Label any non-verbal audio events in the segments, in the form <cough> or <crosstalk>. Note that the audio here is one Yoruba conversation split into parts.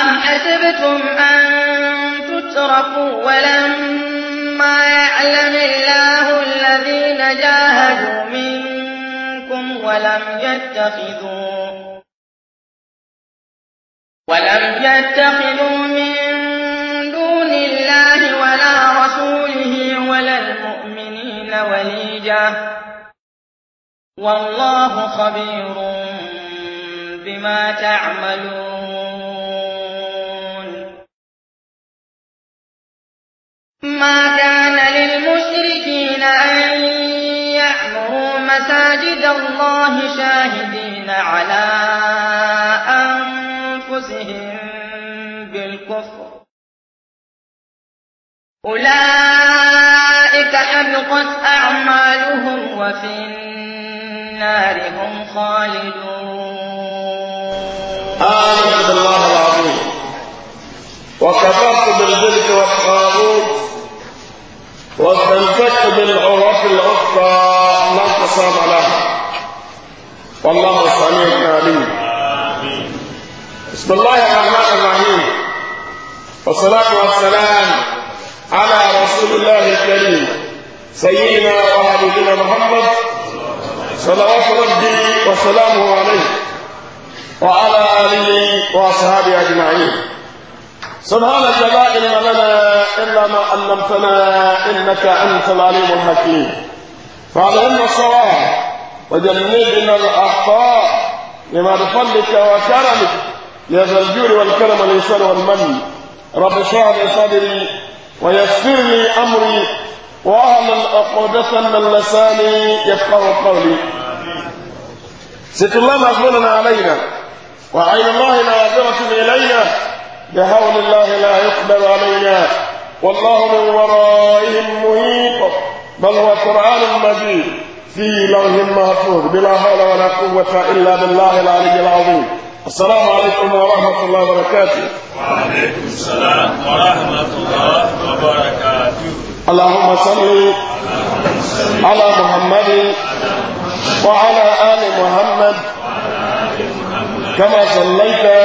أَمْ حَسِبْتُمْ أَن تُتْرَكُوا وَلَمَّا يَعْلَمِ اللَّهُ الَّذِينَ جَاهَدُوا مِنكُمْ وَلَمْ يَتَّخِذُوا وَلَمْ يَتَّخِذُوا مِن دُونِ اللَّهِ وَلَا رَسُولِهِ وَلَا الْمُؤْمِنِينَ وليجا وَاللَّهُ خَبِيرٌ بِمَا تَعْمَلُونَ ما كان للمشركين أن يعمروا مساجد الله شاهدين على أنفسهم بالكفر أولئك حبقت أعمالهم وفي النار هم خالدون آمد الله العظيم وكفرت بالذلك والطاغوت واستمسكت بالعروة العفة لا انقسام لها والله سميع عليم بسم الله الرحمن الرحيم والصلاة والسلام على رسول الله الكريم سيدنا وحبيبنا محمد صلوات ربي وسلامه عليه وعلى آله وأصحابه أجمعين سبحانك لا علم لنا إلا ما علمتنا إنك أنت العليم الحكيم فعلمنا الصواب وجنبنا الأخطاء لما بفضلك وكرمك يا ذا الجود والكرم والإنسان والمن رب اشرح لي صدري ويسر لي أمري وأهل عقودة من لساني يفقه قولي ست الله مغفور علينا وعين الله ناظرة إلينا بحول الله لا يقبل علينا والله من ورائهم مهيط بل هو قرآن مجيد في لوح محفوظ بلا حول ولا قوة إلا بالله العلي العظيم السلام عليكم ورحمة الله وبركاته وعليكم السلام ورحمة الله وبركاته اللهم صل على محمد وعلى آل محمد كما صليت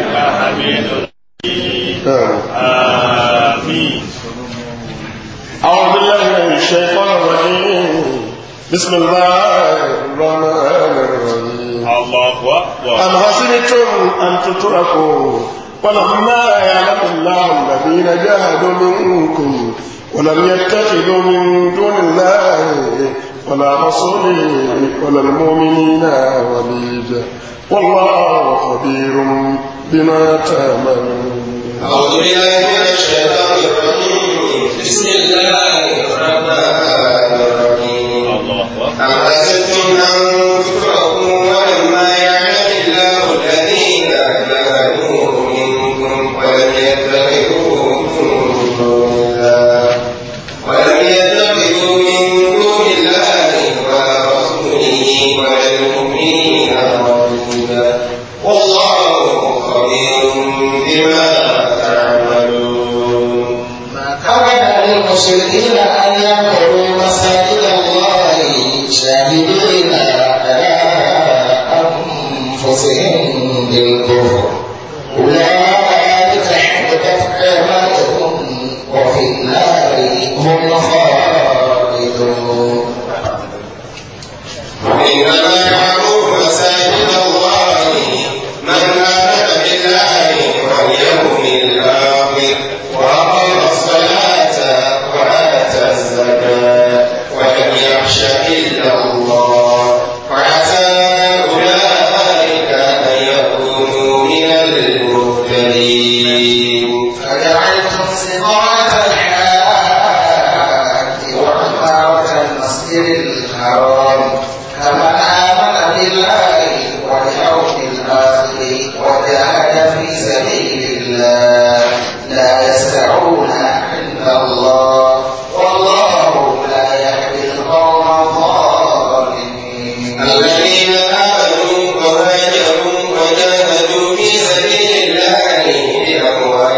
آمين أعوذ بالله من الشيطان الرجيم بسم الله الرحمن الرحيم الله أكبر أم حسنتم أن تتركوا ولما يعلم الله الذين جاهدوا منكم ولم يتخذوا من دون الله ولا رسوله ولا المؤمنين وليدا والله خبير بما تعملون أعوذ بالله من الشيطان الرجيم بسم الله الرحمن الرحيم الله أكبر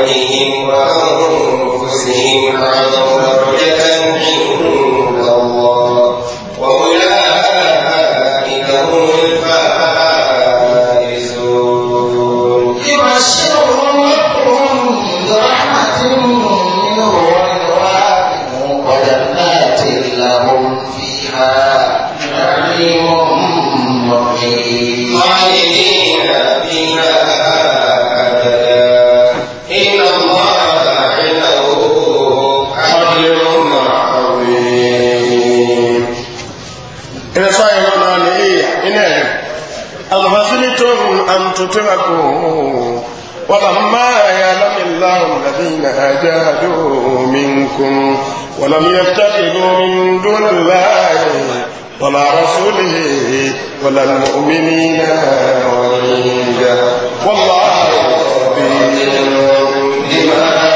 عليهم وأنفسهم عن تتركوا ولما يعلم الله الذين هاجروا منكم ولم يتخذوا من دون الله ولا رسوله ولا المؤمنين وليدا والله خبير بما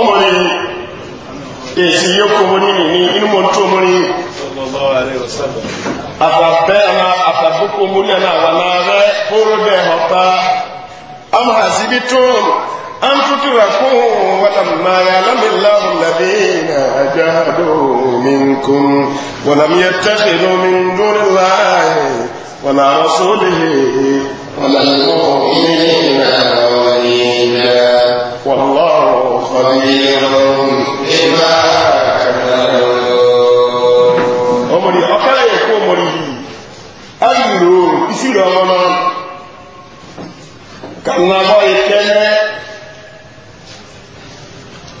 ọmọrin èsì yóò kó mọ́ nínú inú mọ́ tó mọ́rin afafɛ ama afabuku muli ana wana rɛ koro bɛ hɔpa ama hasibi tun an tutura kun walama yalamilahu labina ajahadu minkum walam yatakhidu min duni lahi wala rasulihi wala mu'minina walina wallahu khabirun bima ta'malun. ọmọdé ọkàlẹ̀. ọmọrí yìí ayìlò ìṣirò ọmọ náà kàwọn abọ́ ìkẹ́lẹ́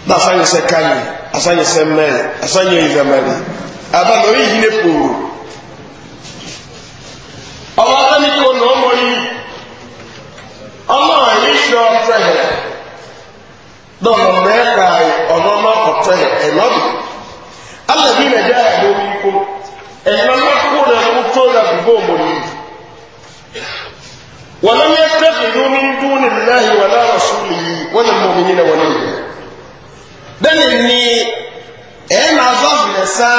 n'asanyɛsɛ kanyi asanyɛsɛ mɛn asanyɛ ìdamari abala oyi yi ne poo ɔwɔ asani ko na ɔmɔ yi ɔmɔ ka alabi na eje ahụ ẹ̀yìnà mọ́kúrò kútó làgbùgbò mọ̀lú wọ́n ló yẹ tẹ́fìdú ní wala láhì wà lára súnlẹ̀ yìí ni ẹ̀yìnà azọ́fìlẹ̀sá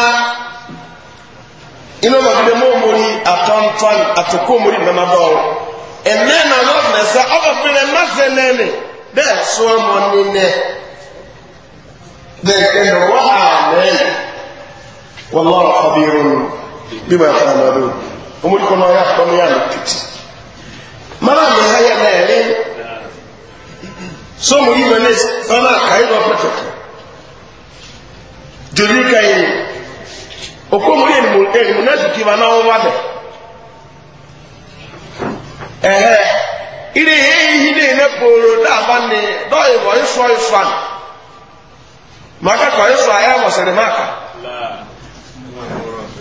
inú ọmọdé mọ́mọ́rí àtọ́ntọ́n àtọ́kọ́mọ́rí mẹ́mọ́dọ́ ẹ̀mẹ́ẹ̀nà والله خبير بما تعملون وملكم ما يحكم يعني كتي مرام هيا نالي سوم ريما نيس فانا كاين وفتك جريو كاين وكم ريما المنافق ما نوم وده ẹ̀hẹ́ ilé yìí ní ilé gbòòrò dáàbá ni dọ́ọ̀yìnbọ̀ ìṣọ́ ìṣọ́ àná màkàkọ̀ ìṣọ́ ayé àmọ̀sẹ̀rẹ̀ máàkà.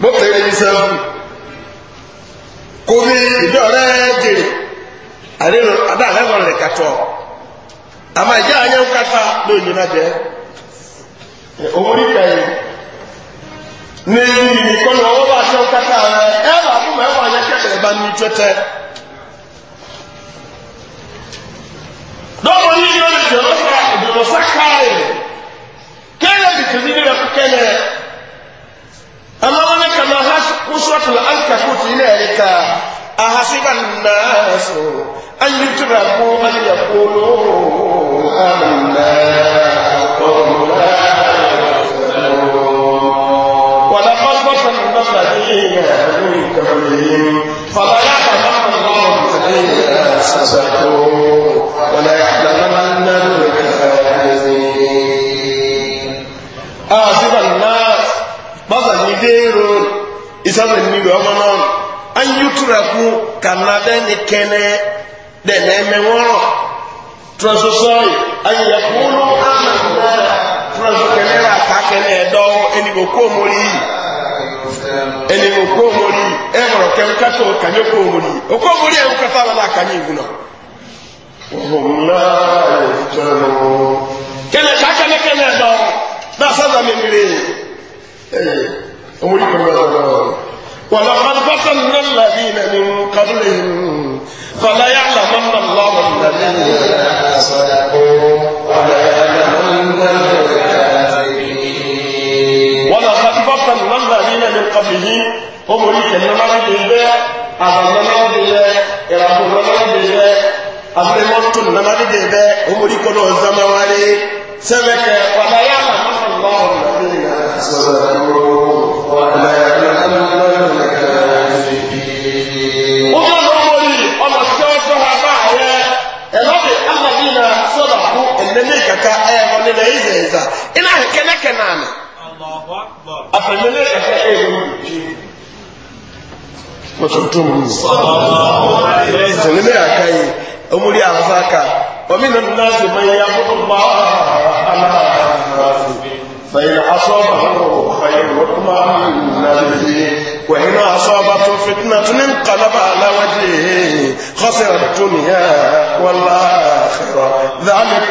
bó fèrè yìí sẹ́wọ̀n kò ní ìdí ọ̀rẹ́ jèrè àdéhùn adáhẹ́wọ̀n rẹ̀ kàtọ́ àmà ìjà àyẹ̀ ń kàtà lóyún ní nàjẹ́ òmùrí kẹyìn ní ìkọlù ọwọ́ bá aṣọ ń kàtà rẹ̀ ẹ̀ wà fún mẹ́wàá ayẹ́ kẹ́kẹ̀rẹ́ bá ní tẹ́tẹ́. dɔwɔ yi yɔ le dɔwɔ sa dɔwɔ sa kaa yi kɛlɛ bi tobi ne bɛ kɛlɛ. أما أنك نهاش قصوة الأنكفوت إليك أحسب الناس أن يتركوا أن يقولوا آمنا وهم ولقد وصلنا الذين من قبلهم فلا يحزنهم الذين سبقوا ìsáwẹ̀ nílò ọmọ náà anyútùràkú kànádẹ́ni kẹ́nẹ́ dẹ̀nẹ́ mẹ́wọ́rọ̀ tùrọ̀sọsọ́ọ̀yì ayẹyẹkúlù amẹ́kúnlẹ́rà tùrọ̀sọkẹ́nẹ́rà kákẹ́nẹ́ ẹ̀dọ́ ẹnìbòkó mórí ẹnìbòkó mórí ẹ̀rọ̀ kẹ́ńkátó kànyókó mórí òkó mórí ẹ̀rọ kẹfà wọn náà kànyé ìwúlọ. kẹ́nẹ́ kákẹ́nẹ́ kẹ́nẹ́ ẹ̀dọ́ náà sábà mi nìyẹn. ọmọdé kan bá wà lọ́wọ́. ولقد فتنا الذين من قبلهم فلا فليعلمن الله الذين صدقوا وليعلمن الكاذبين ولقد فتنا الذين من قبلهم هم يكلمون بالله أظننا بالله إرابنا بالله أظلمتم لنا بالله هم يكونوا الزموالي سبك وليعلمن الله الذين صدقوا وليعلمن ẹ̀ta iná kẹ́nẹ́kẹ́ náà nà. àfẹnumẹ ẹsẹ ẹyẹ wọn mo tún tún mu. tòun ní àká yìí ọmọ rí àwọn afáàkà ọmọ ìnáwó náà sì máa yẹ akókò pa فإن أصابه خير اطمأن به وإن أصابته فتنة انقلب على وجهه خسر الدنيا والآخرة ذلك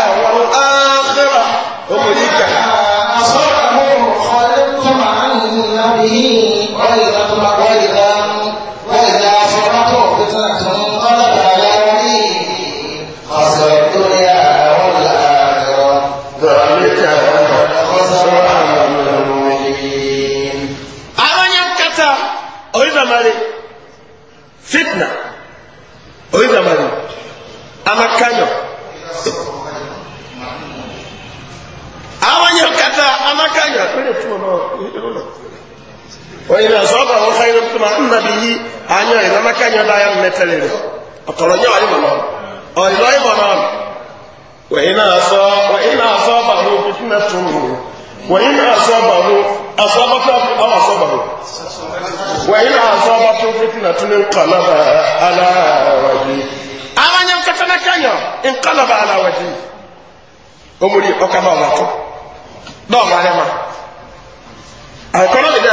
na na anya ya aaaaa o onarịa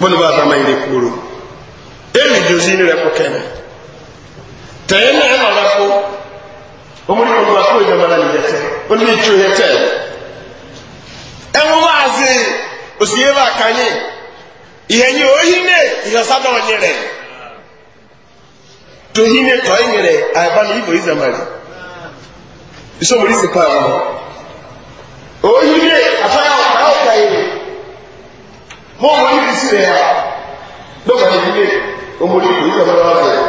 bóni bá bàmà yìí kúrò èyí jòzí ní rẹ kó kẹ́mi tẹ̀yẹ náà ẹ̀ lọ́la kó ọmọdé wọn bá kó ìjọba náà nìyẹn tẹ ó ní ìtú yẹn tẹ ẹ wọn wá sí òsì yẹn bá kàn yín ìyẹn yìí ó yí ní ìyọ̀sádọ̀ ọ̀nyẹ rẹ tó yí ní tọ́ ẹ̀yẹ rẹ àyàbá ní ibò ìzàmàlì ìsọmọlì sì pa àwọn ó yí ní àfáyà ọ̀tá ọ̀tá yìí mọ́ ọmọ yìí fi sílẹ̀ yà lọ́gbà ní ilé ọmọ yìí kò ní ọmọ lọ́wọ́ rẹ̀.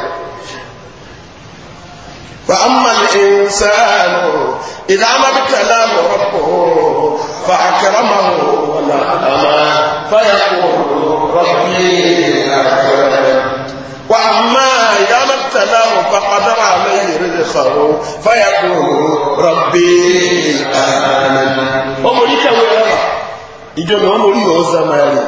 fa ama le nsaanu ìdá amadu tẹ̀lé àmọ̀ rọ̀pọ̀ fa akarama wò wàlá àmà fàyà kò rọ̀bì àkàrà wa ama ìdá amadu tẹ̀lé àmọ̀ fa kadàrà àmà yìí rẹ̀ sọ̀rọ̀ fàyà kò rọ̀bì àkàrà. ọmọ yìí kẹwé rẹ̀ ìjọba ọmọ yìí yóò zàmáyà rẹ̀.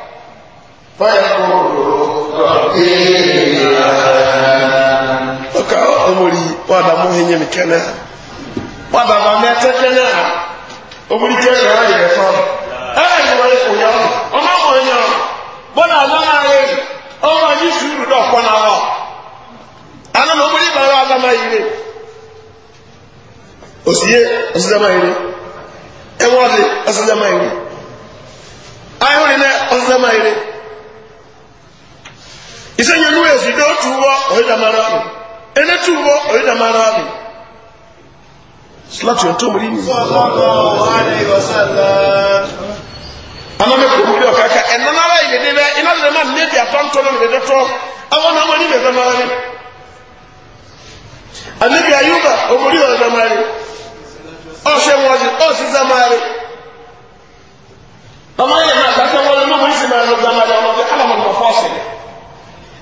ọ ọmọrí wàdà mọ́hìnyẹ nìkẹ́nẹ́ wàdà bàmí ke à ọmọrí kẹ́nẹ́ rẹ̀ yẹ fún ẹ ẹ ìwọ ẹkọ yọ ọmọ ọmọ yọ bọ́dà lọ́nà rẹ ọmọ yí sùúrù dọ̀ pọ̀ náà wọ̀ àná ní ọmọrí bàrọ̀ na yìí rẹ òsìyẹ ọ̀sídàmà isenye nuwezi do tuwo oidamarabe ene tuwo oidamarabe silatu yonto mulini anamekumuli okaka enanara ibedebe inalema nebi apantono midedoto awonamo nibedamarabe anabi ayuba omuli odamari osemwazi osizamari amaye nakakewole nomuisimano gamari onoge alamu mafasile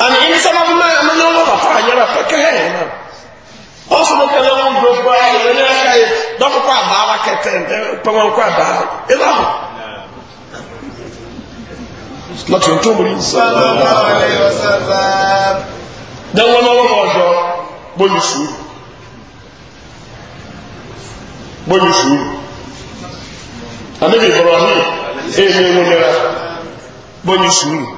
and in some of my I'm not over for you for care also no tell them go by you know say don't go pa ba la keten pa mo kwa ba e la not your tomb in sallallahu alaihi wasallam dan wọn wọn ojo bo ni su bo ni su anabi ibrahim e me wonera bo ni su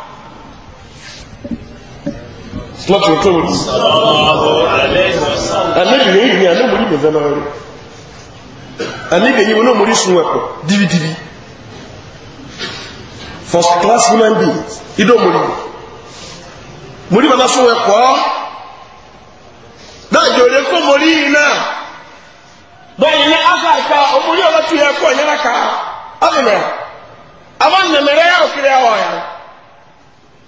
slọ́tù tó wọ́n anẹ́bìnrin yìí anẹ́mùrí mẹ́fẹ́ náà rí anẹ́bìnrin yìí olóòmùrí sun ẹ̀kọ́ dìbìdìbì first class human being idómùrí múrí bàbá sun ẹ̀kọ́ dájò rẹ̀ kó mọ̀rí iná bẹ́ẹ̀ ní áfàkà omúrí ọlọ́tù ẹ̀kọ́ ìyára ká áfìnà àwọn nẹ̀mẹ̀rẹ̀ òkèrè àwọ̀ ọ̀yà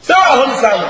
sẹ́wọ̀n àhọ́nsáàmù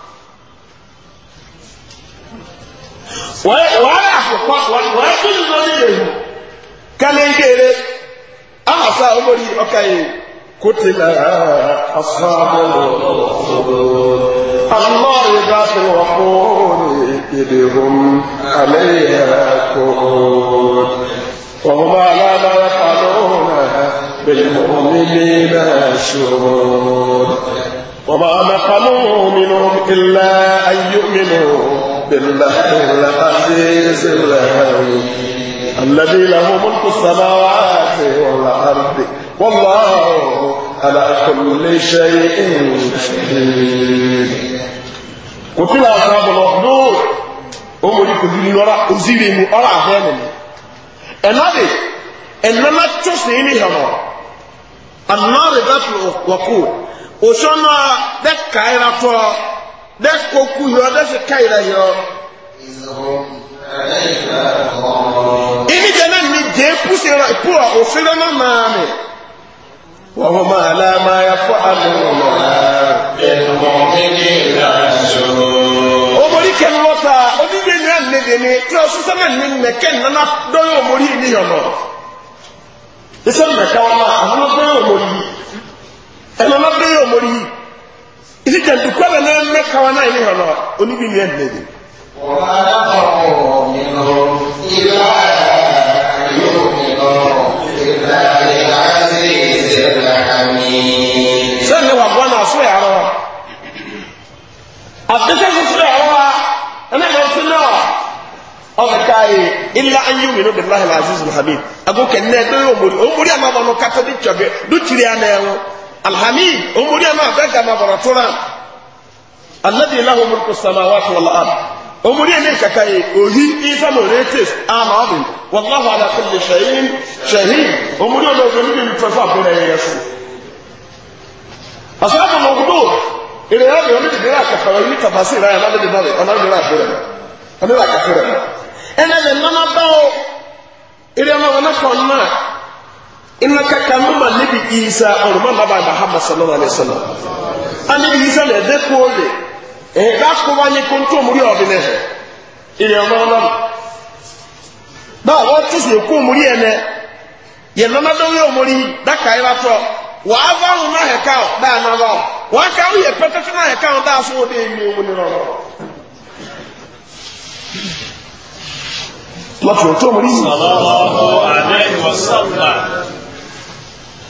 wàhálà àpòpọ̀ wàhálà tó ní lọ́dún yẹn الله ذات الوقود إذ هم عليها قعود بالمؤمنين شهود وما نقموا منهم إلا أن يؤمنوا بالبحر العزيز الهوي الذي له ملك السماوات والارض والله على كل شيء قدير وكل اصحاب الاخدود هم اللي كذبين وراء ازيلهم وراء اهلهم النبي انما تشوفين هنا النار ذات الوقود وشنا ذكر dɛ koku yɔ dɛ fi ka yira yɔ. ìníjẹ náà ní jẹ́ púṣẹ̀rọ ìpúrọ̀ òfìrẹ́ náà máa mi. wọ́n máa lá máa yà fọ́ àdúrà náà. ẹnu wọn mi ní ìlàjọ. omori kẹ́mi wọ́n ta onídìí ní àlejò ni tí o sísẹ́ náà ní mẹ́kẹ́ nana dọ́yọ̀ omori yìí níyọ̀ náà. sísẹ́ mẹ́kẹ́ wọn náà àwọn dọ́yọ̀ omori yìí ẹ̀nà dọ́yọ̀ omori yìí isi jantu kwa bɛ na mɛ kawa na yi ni hɔnɔ oni bi miɛ nne de. sani wa bɔ na so yɛ arɔ afisɛ soso yɛ arɔ wa ɛna yɛ so na ɔbɛ kaa yi ila an yi wuli bilahi azizu hamid ago kɛ nɛ do yɛ omori omori a ma bɔ no kata alhami omori ama abẹ́gà ma bọ̀rọ̀ tóra alẹ́dì ìlàhùn mọ́rùkù sàmáwá tó wọlá àmì omori ẹni kàkà yìí òhì ìsàmù rẹ́tẹ̀s àmà ọ̀bì wàláhù alákùnlé ṣẹ̀yìn ṣẹ̀yìn omori ọ̀nà òjò níbi ìlú tọ́fà àbúrò ẹ̀yẹ fún. àṣàbọ̀ mọ̀gbọ́ ìrẹ̀yà rẹ̀ ọ̀nà ìdílé àkàkọ̀ yìí tàbásí ìráyà ọ̀nà ìdílé ọ̀nà ìdílé àkàkọ̀ rẹ̀ ọ̀nà ìdílé àkàkọ̀ rẹ̀ ina kaka mama nebi isa ọrùn mama bá muhammad sallallahu alayhi e, e wa Ani bi isa na de kúrò lè ẹdá kúrò anyi kó ntó omuri ọdún ẹhẹ ìrìn ọmọ ọmọ báwo wọ́n tún sè kó omuri ẹ̀ nẹ yẹ nana dọ́wọ́ yẹ omuri daka yẹ bá tọ́ wàá bá wọn náà yẹ ká ọ dáa náà bá ọ wàá ká wọn yẹ pẹ́tẹ́tẹ́ náà yẹ ká ọ dáa fún ọdẹ ẹ̀mí omuri yìí.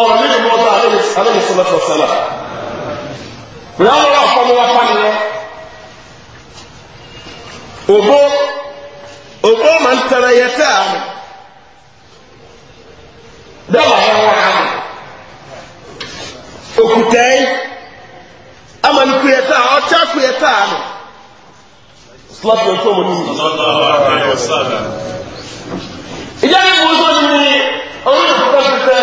ọ̀rọ̀ nínú mọ́tò alẹ́ mùsùlùmí sọ́lá. Bùrọ̀mù wà fọ́ mi wá fani yẹn. Ògbó ògbó máa ń tẹ̀lé yẹ tẹ́ àmì. Dọ́là yẹn wà ámì. Òkùtẹ́ yìí. Amani kuyẹ tẹ́ àmì ọ̀chá kuyẹ tẹ́ àmì. Sọ́lá tó mú nínú. Ìjọba ìwòsàn ni ọ̀rọ̀ ìfọ̀sọ̀tẹ̀.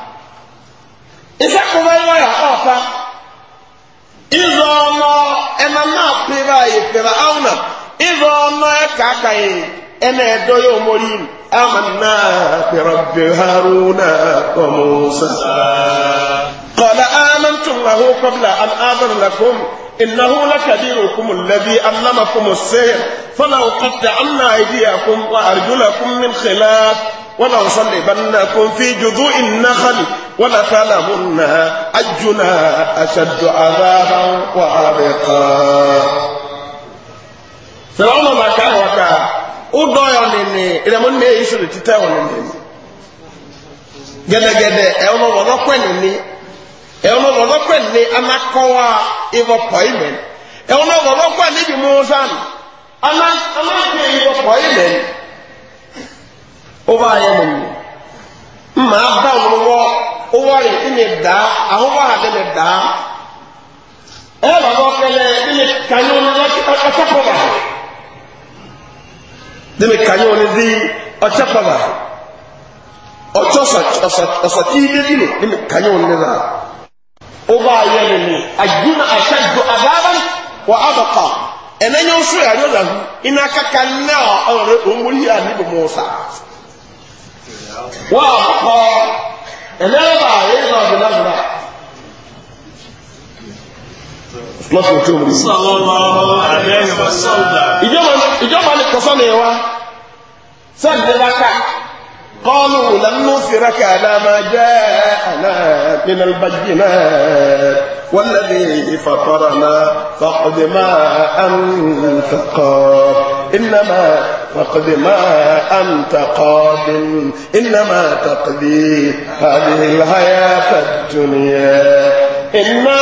isekuba yi waya ɔfa izɔɔnɔ ɛnana peba yi peba awuna izɔɔnɔ ɛkaka yi ɛna ɛdɔ yi omori amana pɛrɛbɛ haruna kɔmusa kɔla amantum lahu kɔbla an adana lakum إنه لكبيركم الذي علمكم السحر فلو قطعنا أيديكم وأرجلكم من خلاف ولنصلبنكم في جذوع النخل ولتعلمن أجنا أشد عذابا وأبقى فرعون ما كان وكا أدعو يونيني إذا من ما يسر تتاو يونيني gẹdẹgẹdẹ ẹwọn wọlọ pẹlú ẹwọn wọlọ pẹlú anakọwa ìwọ pọyìmẹ ẹwọn wọlọ pẹlú ibi mú ìwọ pọyìmẹ. ụgbọala ya mụrụ mma aba nwụwọ ụgbọala ịnye daa ahụgbọala dị na daa ebe ọ kele ịnye kanye onye ọchapụba ka kanye onye dị ọchapụba ọchọ ọsọchị ihe dịmị dịmị kanye onye ụgbọala ya mụrụ ajụna ashaddu kaka yà وأبقى أنابع يرضى بالأبنى صلى الله عليه وسلم إجابة للتصنع هو سلمك قالوا لن نصرك على ما جاءنا من البينات والذي فطرنا فاقض ما أنت إنما فقد ما أنت قادم إنما تقضي هذه الحياة الدنيا إنا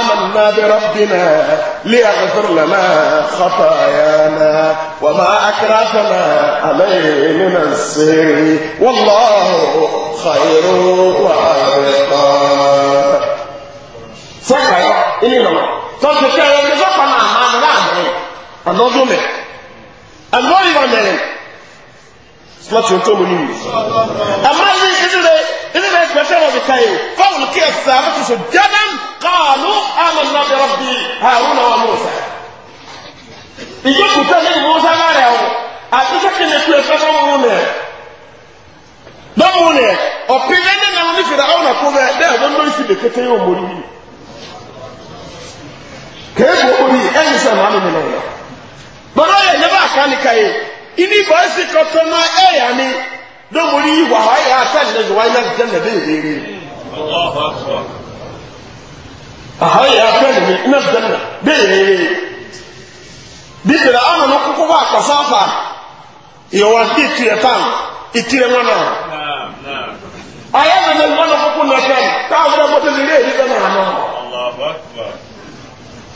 آمنا بربنا ليغفر لنا خطايانا وما أكرهنا عليه من السر والله خير وأبقى صحيح إلي نمر تنسى كيف يجب صحيح أعمل أنه ظلم àmọ́ ìwà mẹ́rin láti ohun tó mú nínú àmọ́ ilé ìdílé ìdílé ìpẹ́sẹ̀ wọn fi káyé fáwọn kí ẹ sá bó ti sọ jẹ́dán kàánú àmàlà bẹ̀rẹ̀ bí àrùn àwọn mọ̀ọ́sá ìjókòó tẹ̀lé ìwọ ọ̀sá lára ẹ̀ wọ̀ àti sẹ́kẹ̀ ní ẹ̀kú ẹ̀fẹ́ fún wọn nẹ̀ lọ́wọ́ nẹ̀ ọ̀pìn ẹni náà ní fìdá ọ̀nà kó bẹ́ẹ̀ bẹ́ẹ̀ wọ́n lórí sí lèkété yóò mórí yìí kéèkó mórí ẹ̀yìn sẹ́nu àmì bọ́dọ̀ yẹ ẹ̀yẹ bá àká nìka yẹ ìní bọ́ ẹ̀sì kọ́tọ́ náà ẹ̀ yà ni lómori ìwà wà yà àtà ìlẹ̀yìn wà yà jẹ́ nàbẹ̀ ìrere. àhà yà àtà ìlẹ̀yìn iná jẹ́ nàbẹ̀ ìrere. bíbélà àwọn ọmọ kókó bá àkọsá fà ìyọ̀wà sí ìtìrẹ̀ tán ìtìrẹ̀ wọn náà. ayé mi ni wọn kókó nàfẹ́ káwọn ọmọ tó ti rí èyí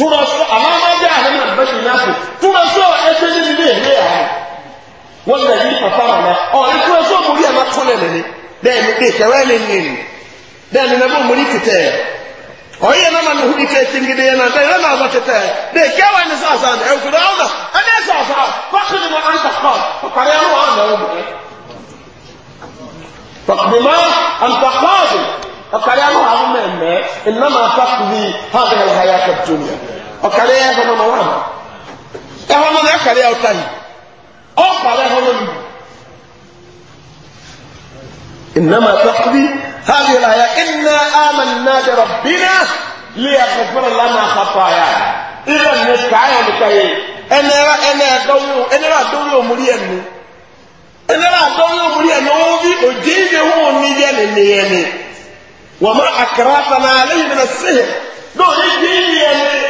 turɔsɔ amamadi ahoma bɛsi n'afɔ turɔsɔ ɛsɛnni bi n'ehe ahɔ wɔn na yi papa ama ɔ ne turɔsɔ mori ama tɔ ne nene dɛni de kɛwɛ ne nene dɛni na bɔ mori titɛ ɔyɛ nama ne ho bi kɛ tingide yɛ na dɛ yɛ na bɔ titɛ de kɛwɛ ne sasa ne ɛwɔ kudu ɔna ɛna sasa kɔkɔ ne ma anta kɔ kɔkɔrɛ ɛna wɔn na wɔn bɛ kɔkɔrɛ anta kɔɔsi kɔkɔrɛ ɛna wɔn mɛ mɛ ɛnama afɔ kuli ha bɛ na ha yɛ akɔ dunia ọ̀kàrẹ́ yẹn kọ́ mọ́mọ́ wọn ẹ̀họ́ náà ní ẹ̀kàrẹ́ yẹn ọ̀tá yìí ọ̀kàrẹ́ ẹ̀họ́ náà nìyí. إنما تقضي هذه الآية إنا آمنا بربنا ليغفر لنا خطايانا إذا نسكايا بكاي أنا أنا أدوي أنا أدوي أمري أنو أنا أدوي أمري أنو أبي أجيب هو نيجي نيجي وما أكرهنا عليه من السحر دون يجيني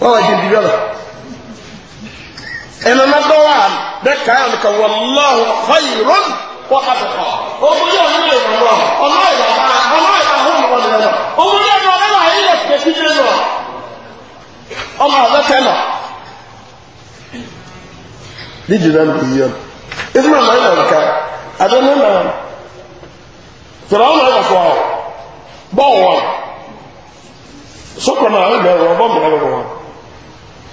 wọ́n wá jẹ́ ìdíbí ọ̀la ẹ̀nà nàbọ̀ wà bẹ́ẹ̀ka ẹ̀ ọ̀nìkan wọ́n lọ́wọ́ ọ̀yì rọ́n wọ́n ká tó kọ́ ọmọdé ọ̀hún lè wọ́n lọ ọmọ ìgbà ọmọ ìgbà ọ̀hún lè wọ́n lọ ọmọdé ọ̀hún lè wọ́n ayé ẹ̀kẹ́ sí jẹ́ lọ ọmọ ọ̀dọ́ tẹ́ lọ. dídì náà nìyí yẹn ìsúná náà yẹn nìkan àdánù náà sọ̀rọ̀ ọ̀nà ẹ̀wọ̀ fọ́ bọ́ọ̀ wọn sọ́kùnrin náà ẹ̀wọ̀ bọ́ọ̀ mọ̀ ẹ̀wọ̀ wọn.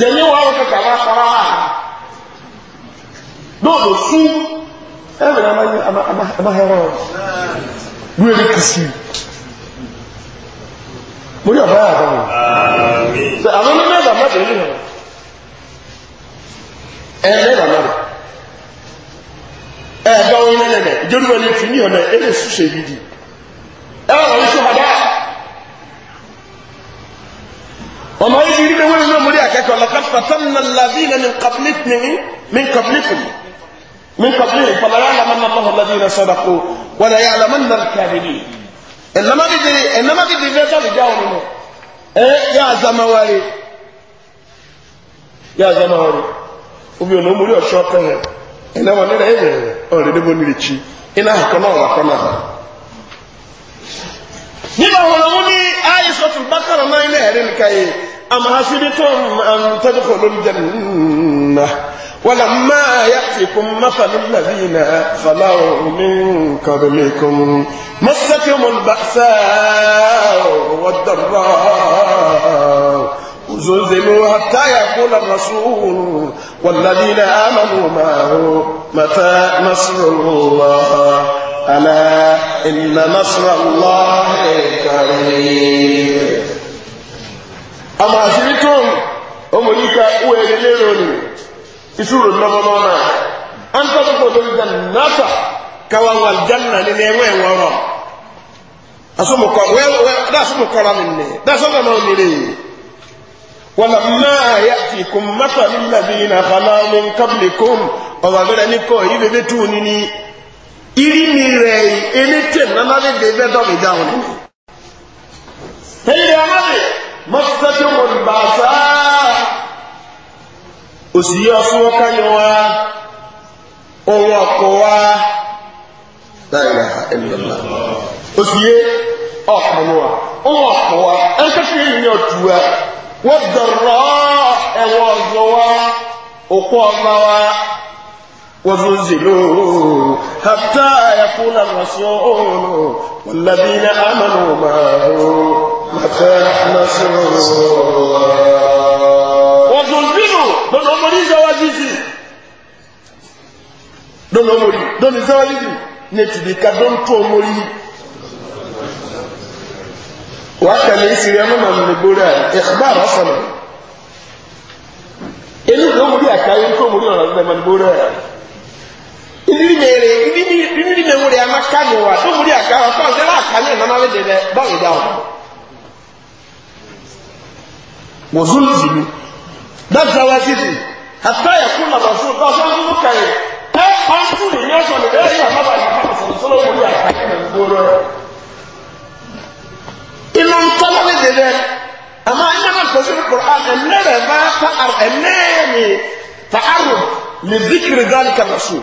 jẹ̀mí wa wọ́n kẹta wá kọ́ra wá dóòlù fún ẹ̀rìn amáhẹ́rọ̀ bí ẹni kìsì mo yà báyà bá wọn ṣe àwọn ọmọ ẹ̀rọ àmàdé ẹ̀rìn ẹ̀rọ ẹ̀rìn ẹ̀rọ àmàdé ẹ̀ẹ̀dọ́wọ́ yẹn lẹ́lẹ̀ ìjọ́rùbọ̀ ni fi ní ọ̀nà ẹ̀rẹ́ ṣùṣe yìí di ẹ̀rọ àwọn iṣẹ́ ọ̀dá ọmọ yìí ti rí pé wọ́n lọ mórí akẹ́kọ̀ọ́ lọ́kàn fatanna ladina min qablikum min qablikum min qablikum fala ya'lamanna Allahu alladina sadaqu wala ya'lamanna al-kadhibin ẹ̀nàmá bìí di ẹ̀nàmá bìí di bẹ́ẹ̀ sọ̀rọ̀ jáwọ́ nínú ẹ̀ yà àzàmáwárí yà àzàmáwárí omi ọ̀nà mórí ọ̀ṣọ́ kẹ́hẹ̀ ẹ̀nàmá nílẹ̀ ẹ̀ bẹ̀rẹ̀ ọ̀rẹ́ dẹ́gbọ́ nílẹ̀ kí iná àkọ́ náà wà kọ́ náà. nígbà wọn ni àyè sọ̀tún bákàrọ̀ náà ilé ẹ̀rí nìkan yìí أم حسبتم أن تدخلوا الجنة ولما يأتكم مثل الذين خلوا من قبلكم مستهم البأساء والضراء زلزلوا حتى يقول الرسول والذين آمنوا معه متى نصر الله ألا إن نصر الله قريب ama asiri tom omoyika uwege leroni isuru nnọmọmọna anta tukpo tori jannata kawanwa janna ni n'enwe nwọrọ asomukọ wẹwẹ dasomukọrọ mi nne dasomukọrọ mi nne ولما na مثل الذين خلا من قبلكم ọ̀bàbẹ̀rẹ̀ kọ́ yìí bẹ̀bẹ̀ tún ní ní ìrìnì rẹ̀ ẹni tẹ̀ nánà lè bẹ̀bẹ̀ dọ̀mìdá mọ́sítẹ́tì mọ̀lùbàṣá òsì yẹ ọsùn káyọ wa ọwọ́ ọkọ wa dáìlà ẹnìyànlá òsì yẹ ọkùnrin wa ọwọ́ ọkọ wa ẹnkẹ́tì yẹn ní ọ̀tù وزلزلوا حتى يقول الرسول والذين آمنوا معه متى نصر الله وزلزلوا دون أمري زواجيزي دون أمري دون زواجيزي نتبكى دون تومري وكان يسير يمنا من البلاد إخبار أصلا إنه أمري أكاين تومري أنا أقول من ndiri mere ndiri ndiri mewuri amaka n'ụwa domuri aga ọtọ ndịrị aka nye nọ n'ọrụ dịbe dọghị dọọ wọzụl zuru dazawa zizi hata ya kụ na wọzụl dọzọ ndụrụ karị pe ọtụ na ihe ọzọ na ihe ọzọ na ihe ọzọ na sọrọ wuri aka nye na mgboro ịnụ ntọrọ dị dịbe ama ihe na nkọziri kụrụ a na mmere ba ta ar eme ni ta arụ لذكر ذلك الرسول